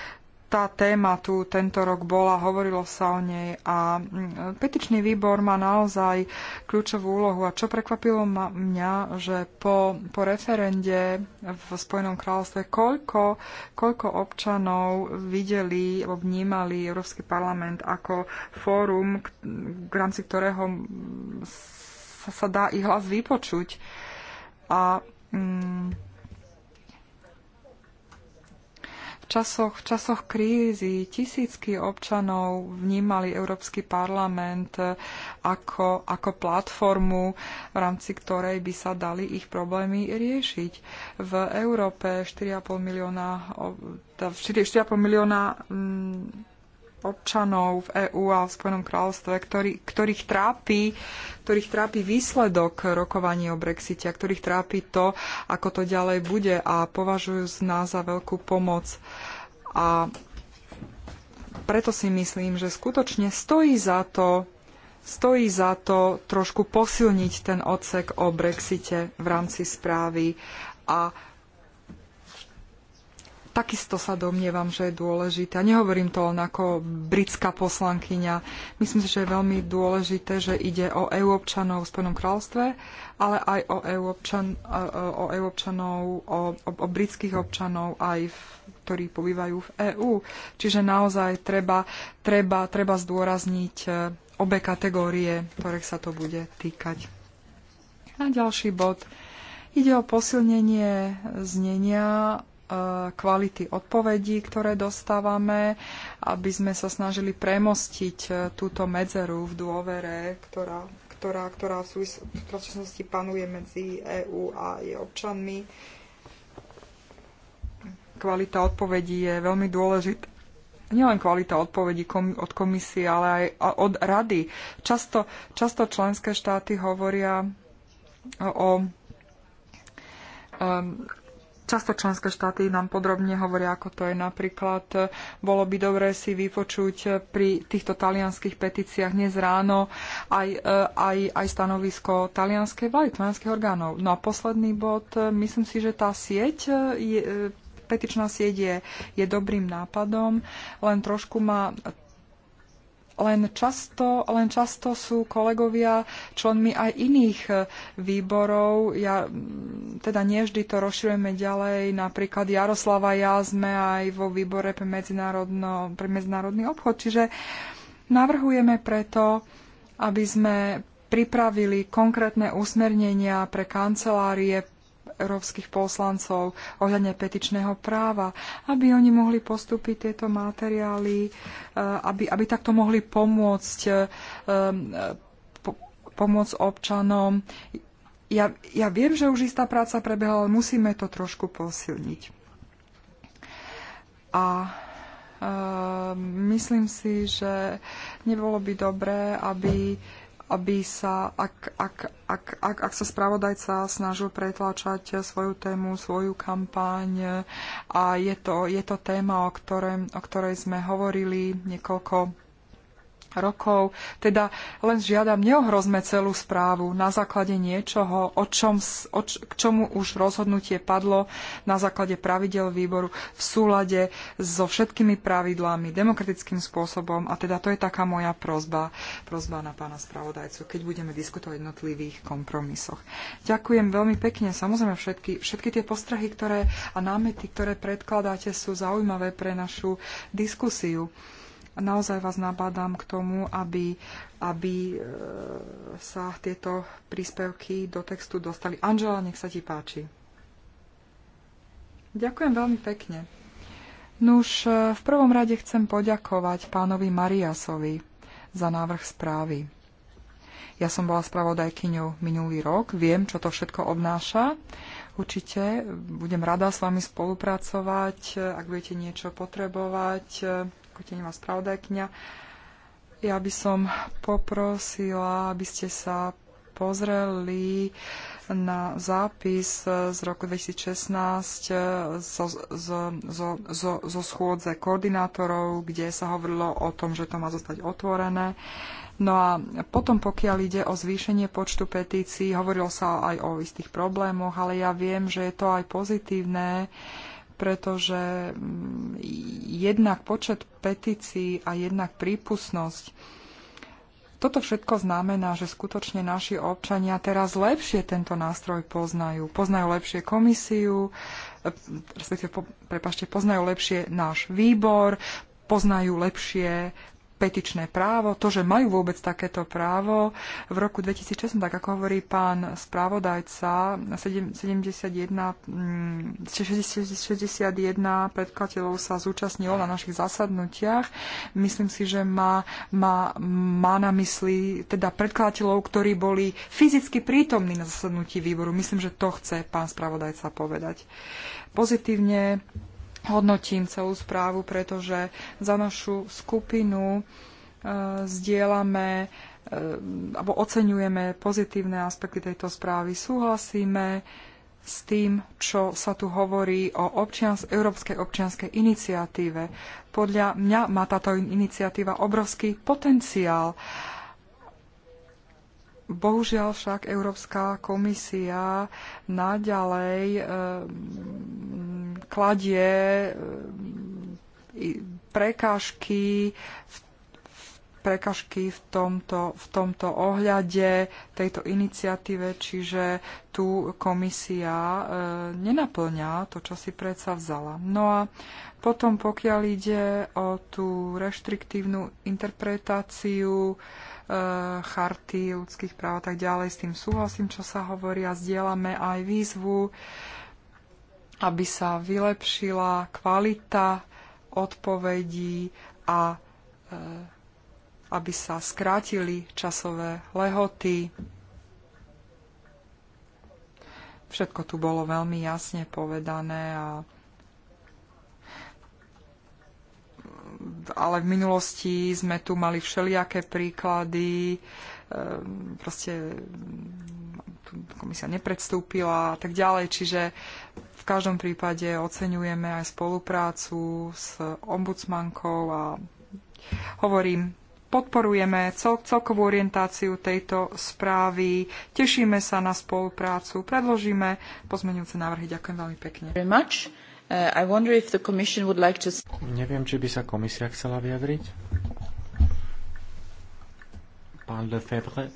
tá téma tu tento rok bola, hovorilo sa o nej a mm, petičný výbor má naozaj kľúčovú úlohu. A čo prekvapilo ma, mňa, že po, po referende v Spojenom kráľovstve koľko, koľko občanov videli alebo vnímali Európsky parlament ako fórum, v rámci ktorého mm, sa, sa dá ich hlas vypočuť. A Mm. v časoch, v časoch krízy tisícky občanov vnímali Európsky parlament eh, ako, ako platformu, v rámci ktorej by sa dali ich problémy riešiť. V Európe 4,5 milióna, 4,5 teda milióna mm, občanov v EÚ a v Spojenom kráľovstve, ktorý, ktorých, trápi, ktorých trápi výsledok rokovania o Brexite a ktorých trápi to, ako to ďalej bude a považujú z nás za veľkú pomoc. A preto si myslím, že skutočne stojí za to stojí za to trošku posilniť ten odsek o Brexite v rámci správy a Takisto sa domnievam, že je dôležité, a nehovorím to len ako britská poslankyňa, myslím si, že je veľmi dôležité, že ide o EU občanov v Spojenom kráľovstve, ale aj o EU, občan, o EU občanov, o, o, o britských občanov aj v ktorí pobývajú v EÚ. Čiže naozaj treba, treba, treba zdôrazniť e, obe kategórie, ktorých sa to bude týkať. A ďalší bod. Ide o posilnenie znenia kvality odpovedí, ktoré dostávame, aby sme sa snažili premostiť e, túto medzeru v dôvere, ktorá, ktorá, ktorá v súčasnosti panuje medzi EÚ a jej občanmi. Kvalita odpovedí je veľmi dôležitá nielen kvalita odpovedí kom, od komisie, ale aj od rady. Často, často členské štáty hovoria o, o Často členské štáty nám podrobne hovoria, ako to je napríklad. E, bolo by dobré si vypočuť e, pri týchto talianských petíciách dnes ráno aj, e, aj, aj stanovisko talianskej vlády, talianských orgánov. No a posledný bod, myslím si, že tá sieť je, petičná sieť je, je dobrým nápadom, len trošku ma len často, len často sú kolegovia členmi aj iných eh, výborov. Ja, teda nie vždy to rozširujeme ďalej. Napríklad Jaroslava ja sme aj vo výbore pre, pre medzinárodný obchod. Čiže navrhujeme preto, aby sme pripravili konkrétne usmernenia pre kancelárie európskych poslancov ohľadne petičného práva, aby oni mohli postúpiť tieto materiály, e, aby, aby takto mohli pomôcť, e, e, pomôcť občanom. Ja, ja viem, že už istá práca prebehla, ale musíme to trošku posilniť. A myslím si, že nebolo by dobré, aby aby sa, ak, ak, ak, ak, ak sa spravodajca snažil pretláčať svoju tému, svoju kampaň a je to, je to téma, o, ktoré, o ktorej sme hovorili niekoľko rokov. Teda len žiadam, neohrozme celú správu na základe niečoho, o čom, o č, k čomu už rozhodnutie padlo na základe pravidel výboru v súlade so všetkými pravidlami, demokratickým spôsobom. A teda to je taká moja prozba, prozba na pána spravodajcu, keď budeme diskutovať o jednotlivých kompromisoch. Ďakujem veľmi pekne. Samozrejme, všetky, všetky tie postrehy ktoré, a námety, ktoré predkladáte, sú zaujímavé pre našu diskusiu naozaj vás nabádam k tomu, aby, aby e, sa tieto príspevky do textu dostali. Anžela, nech sa ti páči. Ďakujem veľmi pekne. Nuž, e, v prvom rade chcem poďakovať pánovi Mariasovi za návrh správy. Ja som bola spravodajkyňou minulý rok, viem, čo to všetko obnáša. Určite budem rada s vami spolupracovať, e, ak budete niečo potrebovať ako spravodajkňa. Ja by som poprosila, aby ste sa pozreli na zápis z roku 2016 e, zo, zo, zo, zo schôdze koordinátorov, kde sa hovorilo o tom, že to má zostať otvorené. No a potom, pokiaľ ide o zvýšenie počtu petícií, hovorilo sa aj o istých problémoch, ale ja viem, že je to aj pozitívne, pretože mm, jednak počet petícií a jednak prípustnosť. Toto všetko znamená, že skutočne naši občania teraz lepšie tento nástroj poznajú. Poznajú lepšie komisiu, e, respektíve, prepašte, poznajú lepšie náš výbor, poznajú lepšie petičné právo, to, že majú vôbec takéto právo. V roku 2006, tak ako hovorí pán správodajca, 71, 61 predkladateľov sa zúčastnilo na našich zasadnutiach. Myslím si, že má, má, má na mysli teda predkladateľov, ktorí boli fyzicky prítomní na zasadnutí výboru. Myslím, že to chce pán spravodajca povedať. Pozitívne hodnotím celú správu, pretože za našu skupinu e, zdieľame e, alebo oceňujeme pozitívne aspekty tejto správy. Súhlasíme s tým, čo sa tu hovorí o občians- Európskej občianskej iniciatíve. Podľa mňa má táto iniciatíva obrovský potenciál. Bohužiaľ však Európska komisia naďalej e, kladie e, prekážky v prekažky v tomto, v tomto ohľade tejto iniciatíve, čiže tu komisia e, nenaplňa to, čo si predsa vzala. No a potom, pokiaľ ide o tú reštriktívnu interpretáciu e, charty ľudských práv a tak ďalej, s tým súhlasím, čo sa hovorí a zdieľame aj výzvu. E, aby sa vylepšila kvalita odpovedí a eh, aby sa skrátili časové lehoty. Všetko tu bolo veľmi jasne povedané, a... ale v minulosti sme tu mali všelijaké príklady, eh, proste mm, komisia nepredstúpila a tak ďalej, čiže v každom prípade oceňujeme aj spoluprácu s ombudsmankou a hovorím, podporujeme cel, celkovú orientáciu tejto správy, tešíme sa na spoluprácu, predložíme pozmeňujúce návrhy. Ďakujem veľmi pekne. Uh, like to... Neviem, či by sa komisia chcela vyjadriť. Pán Lefebvre,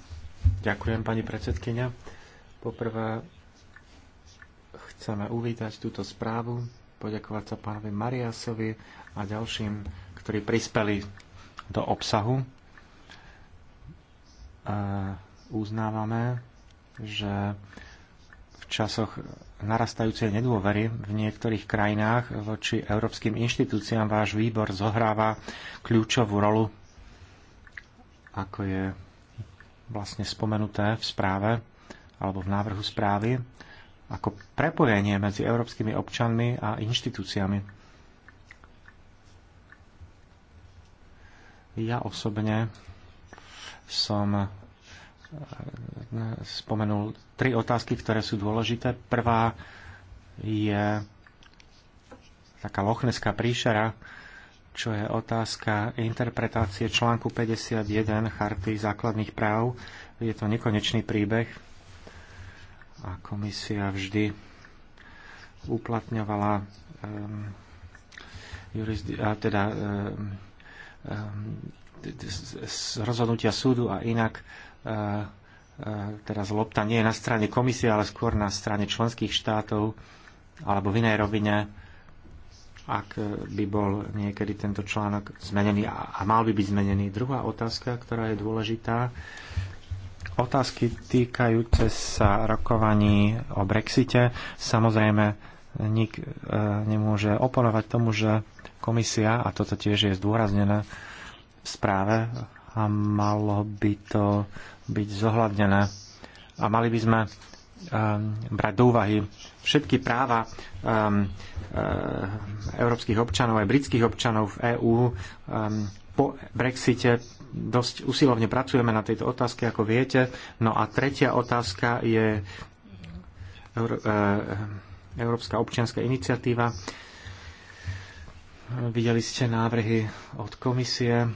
ďakujem pani predsedkynia. Poprvé Chceme uvítať túto správu, poďakovať sa pánovi Mariasovi a ďalším, ktorí prispeli do obsahu. Uznávame, že v časoch narastajúcej nedôvery v niektorých krajinách voči európskym inštitúciám váš výbor zohráva kľúčovú rolu, ako je vlastne spomenuté v správe alebo v návrhu správy ako prepojenie medzi európskymi občanmi a inštitúciami. Ja osobne som eh, spomenul tri otázky, ktoré sú dôležité. Prvá je taká lochneská príšera, čo je otázka interpretácie článku 51 Charty základných práv. Je to nekonečný príbeh, a komisia vždy uplatňovala um, ehm, jurisdi- a teda um, z rozhodnutia súdu a inak uh, eh, eh, teraz lopta nie je na strane komisie, ale skôr na strane členských štátov alebo v inej rovine, ak eh, by bol niekedy tento článok zmenený a mal by byť zmenený. Druhá otázka, ktorá je dôležitá, Otázky týkajúce sa rokovaní o Brexite. Samozrejme, nik e, nemôže oponovať tomu, že komisia, a toto tiež je zdôraznené v správe, a malo by to byť zohľadnené. A mali by sme um, brať do úvahy všetky práva um, e, európskych občanov aj britských občanov v EÚ um, po Brexite dosť usilovne pracujeme na tejto otázke, ako viete. No a tretia otázka je e, Európska občianská iniciatíva. Videli ste návrhy od komisie,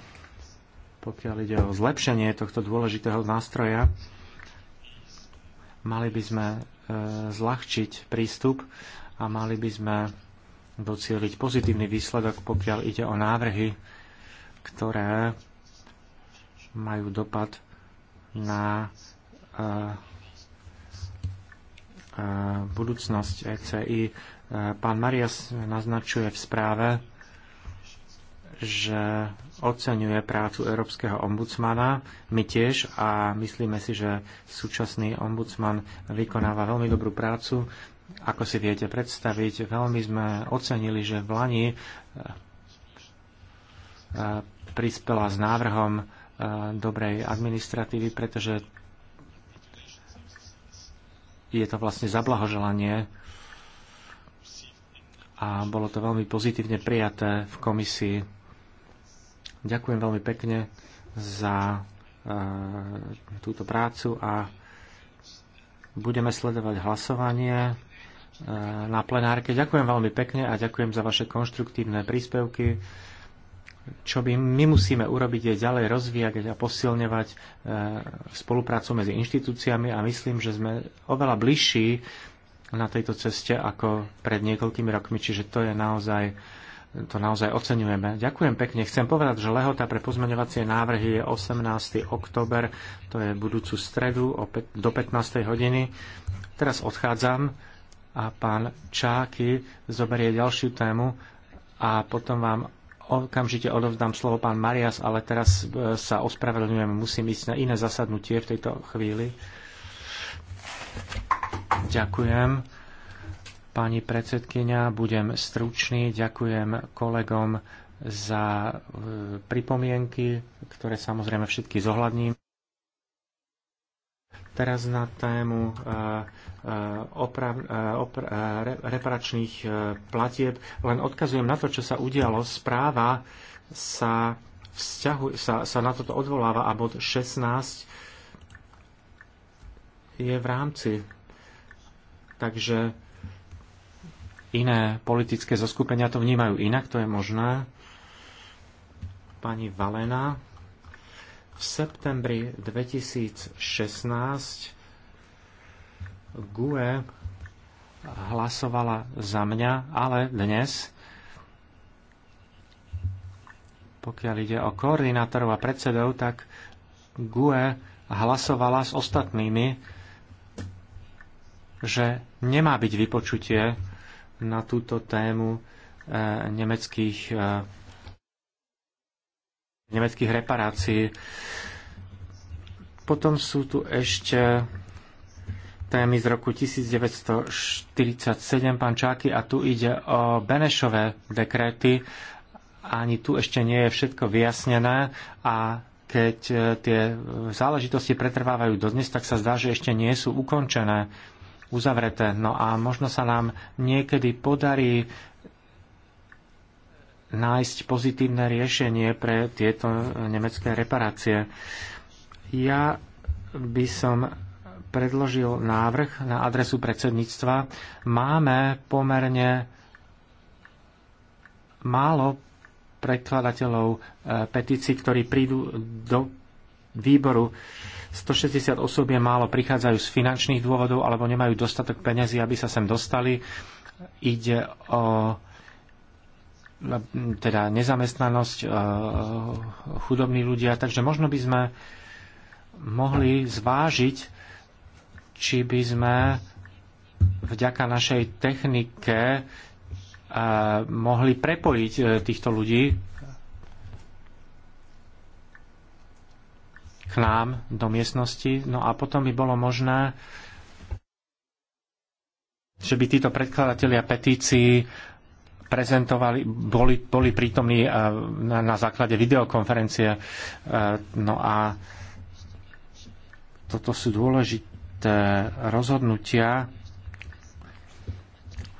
pokiaľ ide o zlepšenie tohto dôležitého nástroja. Mali by sme e, zľahčiť prístup a mali by sme docieliť pozitívny výsledok, pokiaľ ide o návrhy, ktoré majú dopad na e, e, budúcnosť ECI. E, pán Marias naznačuje v správe, že oceňuje prácu Európskeho ombudsmana, my tiež a myslíme si, že súčasný ombudsman vykonáva veľmi dobrú prácu. Ako si viete predstaviť, veľmi sme ocenili, že v Lani prispela s návrhom dobrej administratívy, pretože je to vlastne zablahoželanie a bolo to veľmi pozitívne prijaté v komisii. Ďakujem veľmi pekne za e, túto prácu a budeme sledovať hlasovanie e, na plenárke. Ďakujem veľmi pekne a ďakujem za vaše konštruktívne príspevky čo by my musíme urobiť, je ďalej rozvíjať a posilňovať e, spoluprácu medzi inštitúciami a myslím, že sme oveľa bližší na tejto ceste ako pred niekoľkými rokmi, čiže to je naozaj to naozaj oceňujeme. Ďakujem pekne. Chcem povedať, že lehota pre pozmeňovacie návrhy je 18. oktober, to je budúcu stredu do 15. hodiny. Teraz odchádzam a pán Čáky zoberie ďalšiu tému a potom vám Okamžite odovzdám slovo pán Marias, ale teraz e, sa ospravedlňujem, musím ísť na iné zasadnutie v tejto chvíli. Ďakujem. Pani predsedkynia, budem stručný. Ďakujem kolegom za e, pripomienky, ktoré samozrejme všetky zohľadním. Teraz na tému eh, eh, eh, reparačných platieb. Len odkazujem na to, čo sa udialo. Správa sa, vzťahu, sa, sa na toto odvoláva a bod 16 je v rámci. Takže iné politické zoskupenia to vnímajú inak, to je možné. Pani Valena. V septembri 2016 GUE hlasovala za mňa, ale dnes, pokiaľ ide o koordinátorov a predsedov, tak GUE hlasovala s ostatnými, že nemá byť vypočutie na túto tému eh, nemeckých eh, nemeckých reparácií. Potom sú tu ešte témy z roku 1947, pán Čáky, a tu ide o Benešové dekréty. Ani tu ešte nie je všetko vyjasnené a keď e, tie záležitosti pretrvávajú dodnes, tak sa zdá, že ešte nie sú ukončené, uzavreté. No a možno sa nám niekedy podarí nájsť pozitívne riešenie pre tieto nemecké reparácie. Ja by som predložil návrh na adresu predsedníctva. Máme pomerne málo predkladateľov eh, petícií, ktorí prídu do výboru. 160 osôb je málo, prichádzajú z finančných dôvodov alebo nemajú dostatok peniazy, aby sa sem dostali. Ide o teda nezamestnanosť, eh, chudobní ľudia. Takže možno by sme mohli zvážiť, či by sme vďaka našej technike eh, mohli prepojiť eh, týchto ľudí k nám do miestnosti. No a potom by bolo možné, že by títo predkladatelia petícií prezentovali, boli, boli prítomní e, na, na základe videokonferencie. E, no a toto sú dôležité rozhodnutia.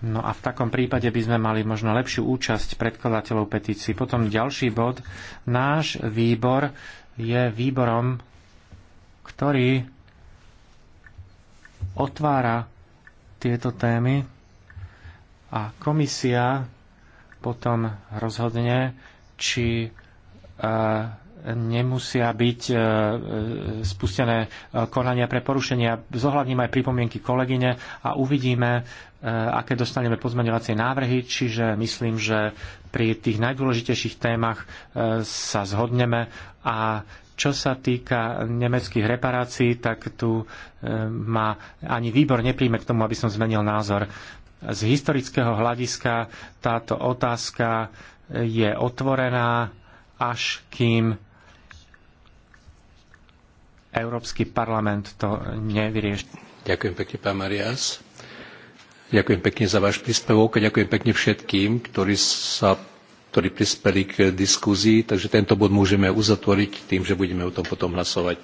No a v takom prípade by sme mali možno lepšiu účasť predkladateľov petícií. Potom ďalší bod. Náš výbor je výborom, ktorý otvára tieto témy a komisia potom rozhodne, či e, nemusia byť e, e, spustené konania pre porušenia. Zohľadním aj pripomienky kolegyne a uvidíme, aké dostaneme pozmeňovacie návrhy, čiže myslím, že pri tých najdôležitejších témach sa zhodneme a čo sa týka nemeckých reparácií, tak tu ma ani výbor nepríjme k tomu, aby som zmenil názor z historického hľadiska táto otázka je otvorená, až kým Európsky parlament to nevyrieši. Ďakujem pekne, pán Marias. Ďakujem pekne za váš príspevok a ďakujem pekne všetkým, ktorí, sa, ktorí prispeli k diskuzii. Takže tento bod môžeme uzatvoriť tým, že budeme o tom potom hlasovať.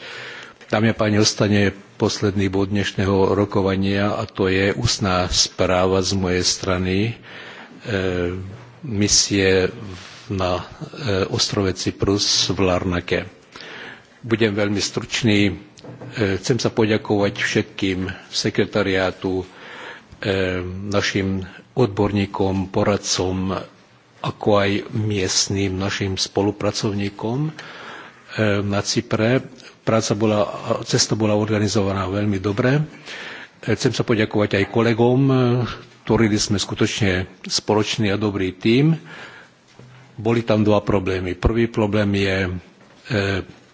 Dámy a páni, ostane posledný bod dnešného rokovania a to je ústná správa z mojej strany e, misie na e, ostrove Cyprus v Larnake. Budem veľmi stručný. E, chcem sa poďakovať všetkým sekretariátu, e, našim odborníkom, poradcom, ako aj miestnym našim spolupracovníkom e, na Cypre Práca bola, cesta bola organizovaná veľmi dobre. E, chcem sa poďakovať aj kolegom. E, tvorili sme skutočne spoločný a dobrý tím. Boli tam dva problémy. Prvý problém je e,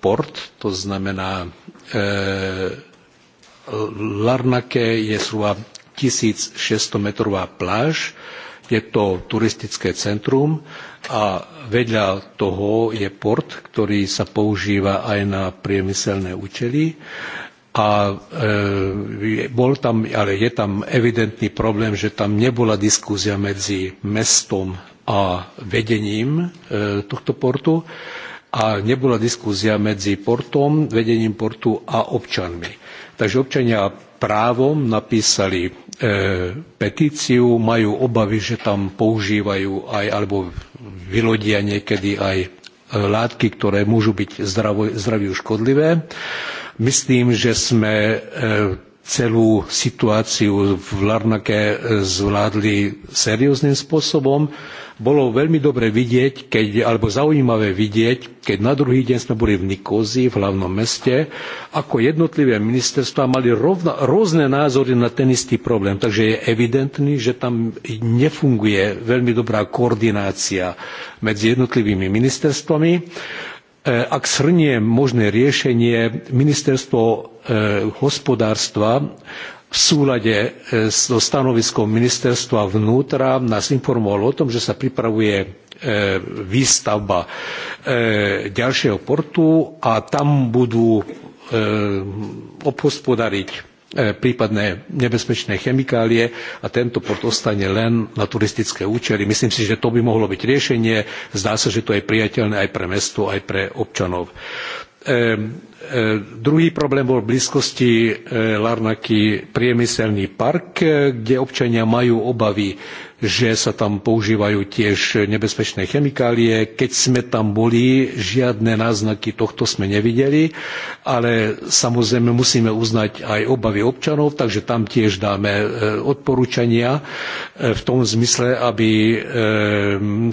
port, to znamená e, Larnake je zhruba 1600 metrová pláž, je to turistické centrum a vedľa toho je port, ktorý sa používa aj na priemyselné účely. A e, bol tam, ale je tam evidentný problém, že tam nebola diskúzia medzi mestom a vedením e, tohto portu a nebola diskúzia medzi portom, vedením portu a občanmi. Takže občania právom napísali e, petíciu, majú obavy, že tam používajú aj, alebo vylodia niekedy aj e, látky, ktoré môžu byť zdravo, zdraviu škodlivé. Myslím, že sme e, celú situáciu v Larnake zvládli serióznym spôsobom. Bolo veľmi dobre vidieť, keď, alebo zaujímavé vidieť, keď na druhý deň sme boli v Nikózii, v hlavnom meste, ako jednotlivé ministerstva mali rovna, rôzne názory na ten istý problém. Takže je evidentný, že tam nefunguje veľmi dobrá koordinácia medzi jednotlivými ministerstvami Eh, ak shrniem možné riešenie, ministerstvo eh, hospodárstva v súlade eh, so stanoviskom ministerstva vnútra nás informovalo o tom, že sa pripravuje výstavba ďalšieho portu a tam budú obhospodariť E, prípadné nebezpečné chemikálie a tento port ostane len na turistické účely. Myslím si, že to by mohlo byť riešenie. Zdá sa, že to je prijateľné aj pre mesto, aj pre občanov. E, e, druhý problém bol v blízkosti e, Larnaky priemyselný park, e, kde občania majú obavy že sa tam používajú tiež nebezpečné chemikálie. Keď sme tam boli, žiadne náznaky tohto sme nevideli, ale samozrejme musíme uznať aj obavy občanov, takže tam tiež dáme e, odporúčania e, v tom zmysle, aby e,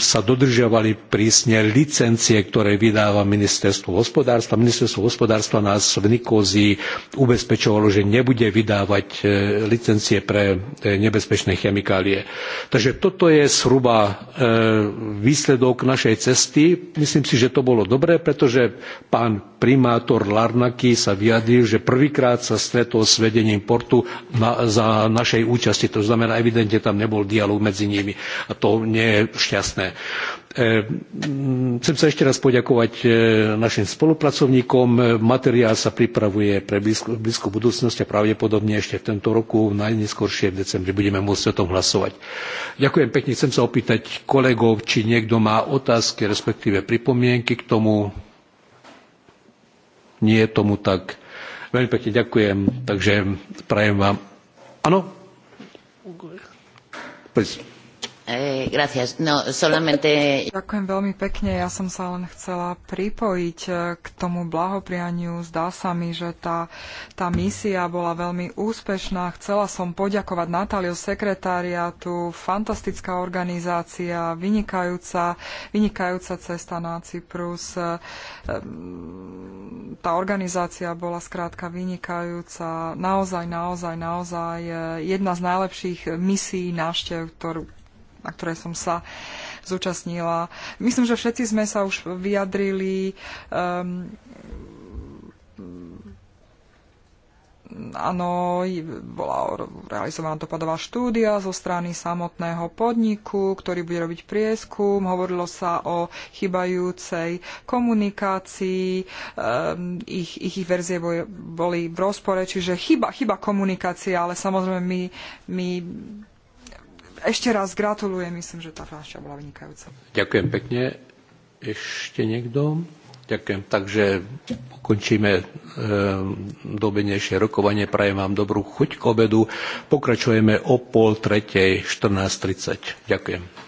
sa dodržiavali prísne licencie, ktoré vydáva ministerstvo hospodárstva. Ministerstvo hospodárstva nás v Nikózii ubezpečovalo, že nebude vydávať licencie pre nebezpečné chemikálie. Takže toto je zhruba e, výsledok našej cesty. Myslím si, že to bolo dobré, pretože pán primátor Larnaky sa vyjadril, že prvýkrát sa stretol s vedením portu na, za našej účasti. To znamená, evidentne tam nebol dialog medzi nimi. A to nie je šťastné. E, mm, chcem sa ešte raz poďakovať e, našim spolupracovníkom. E, materiál sa pripravuje pre blízku, blízku budúcnosť a pravdepodobne ešte v tomto roku, najneskôršie v decembri, budeme môcť o tom hlasovať. Ďakujem pekne. Chcem sa opýtať kolegov, či niekto má otázky, respektíve pripomienky k tomu. Nie je tomu tak. Veľmi pekne ďakujem, takže prajem vám. Áno? Please. Eh, no, Ďakujem veľmi pekne. Ja som sa len chcela pripojiť eh, k tomu blahoprianiu. Zdá sa mi, že tá, tá misia bola veľmi úspešná. Chcela som poďakovať Natáliu sekretariátu. Fantastická organizácia, vynikajúca, vynikajúca cesta na Cyprus. Eh, mm, tá organizácia bola skrátka vynikajúca. Naozaj, naozaj, naozaj jedna z najlepších misií návštev, ktorú na ktoré som sa zúčastnila. Myslím, že všetci sme sa už vyjadrili. Um, Áno, bola realizovaná dopadová štúdia zo strany samotného podniku, ktorý bude robiť prieskum. Hovorilo sa o chybajúcej komunikácii. Um, ich, ich verzie boli, boli v rozpore, čiže chyba, chyba komunikácie, ale samozrejme my, my ešte raz gratulujem, myslím, že tá návšteva bola vynikajúca. Ďakujem pekne. Ešte niekto? Ďakujem. Takže pokončíme e, dobenejšie rokovanie. Prajem vám dobrú chuť k obedu. Pokračujeme o pol tretej 14.30. Ďakujem.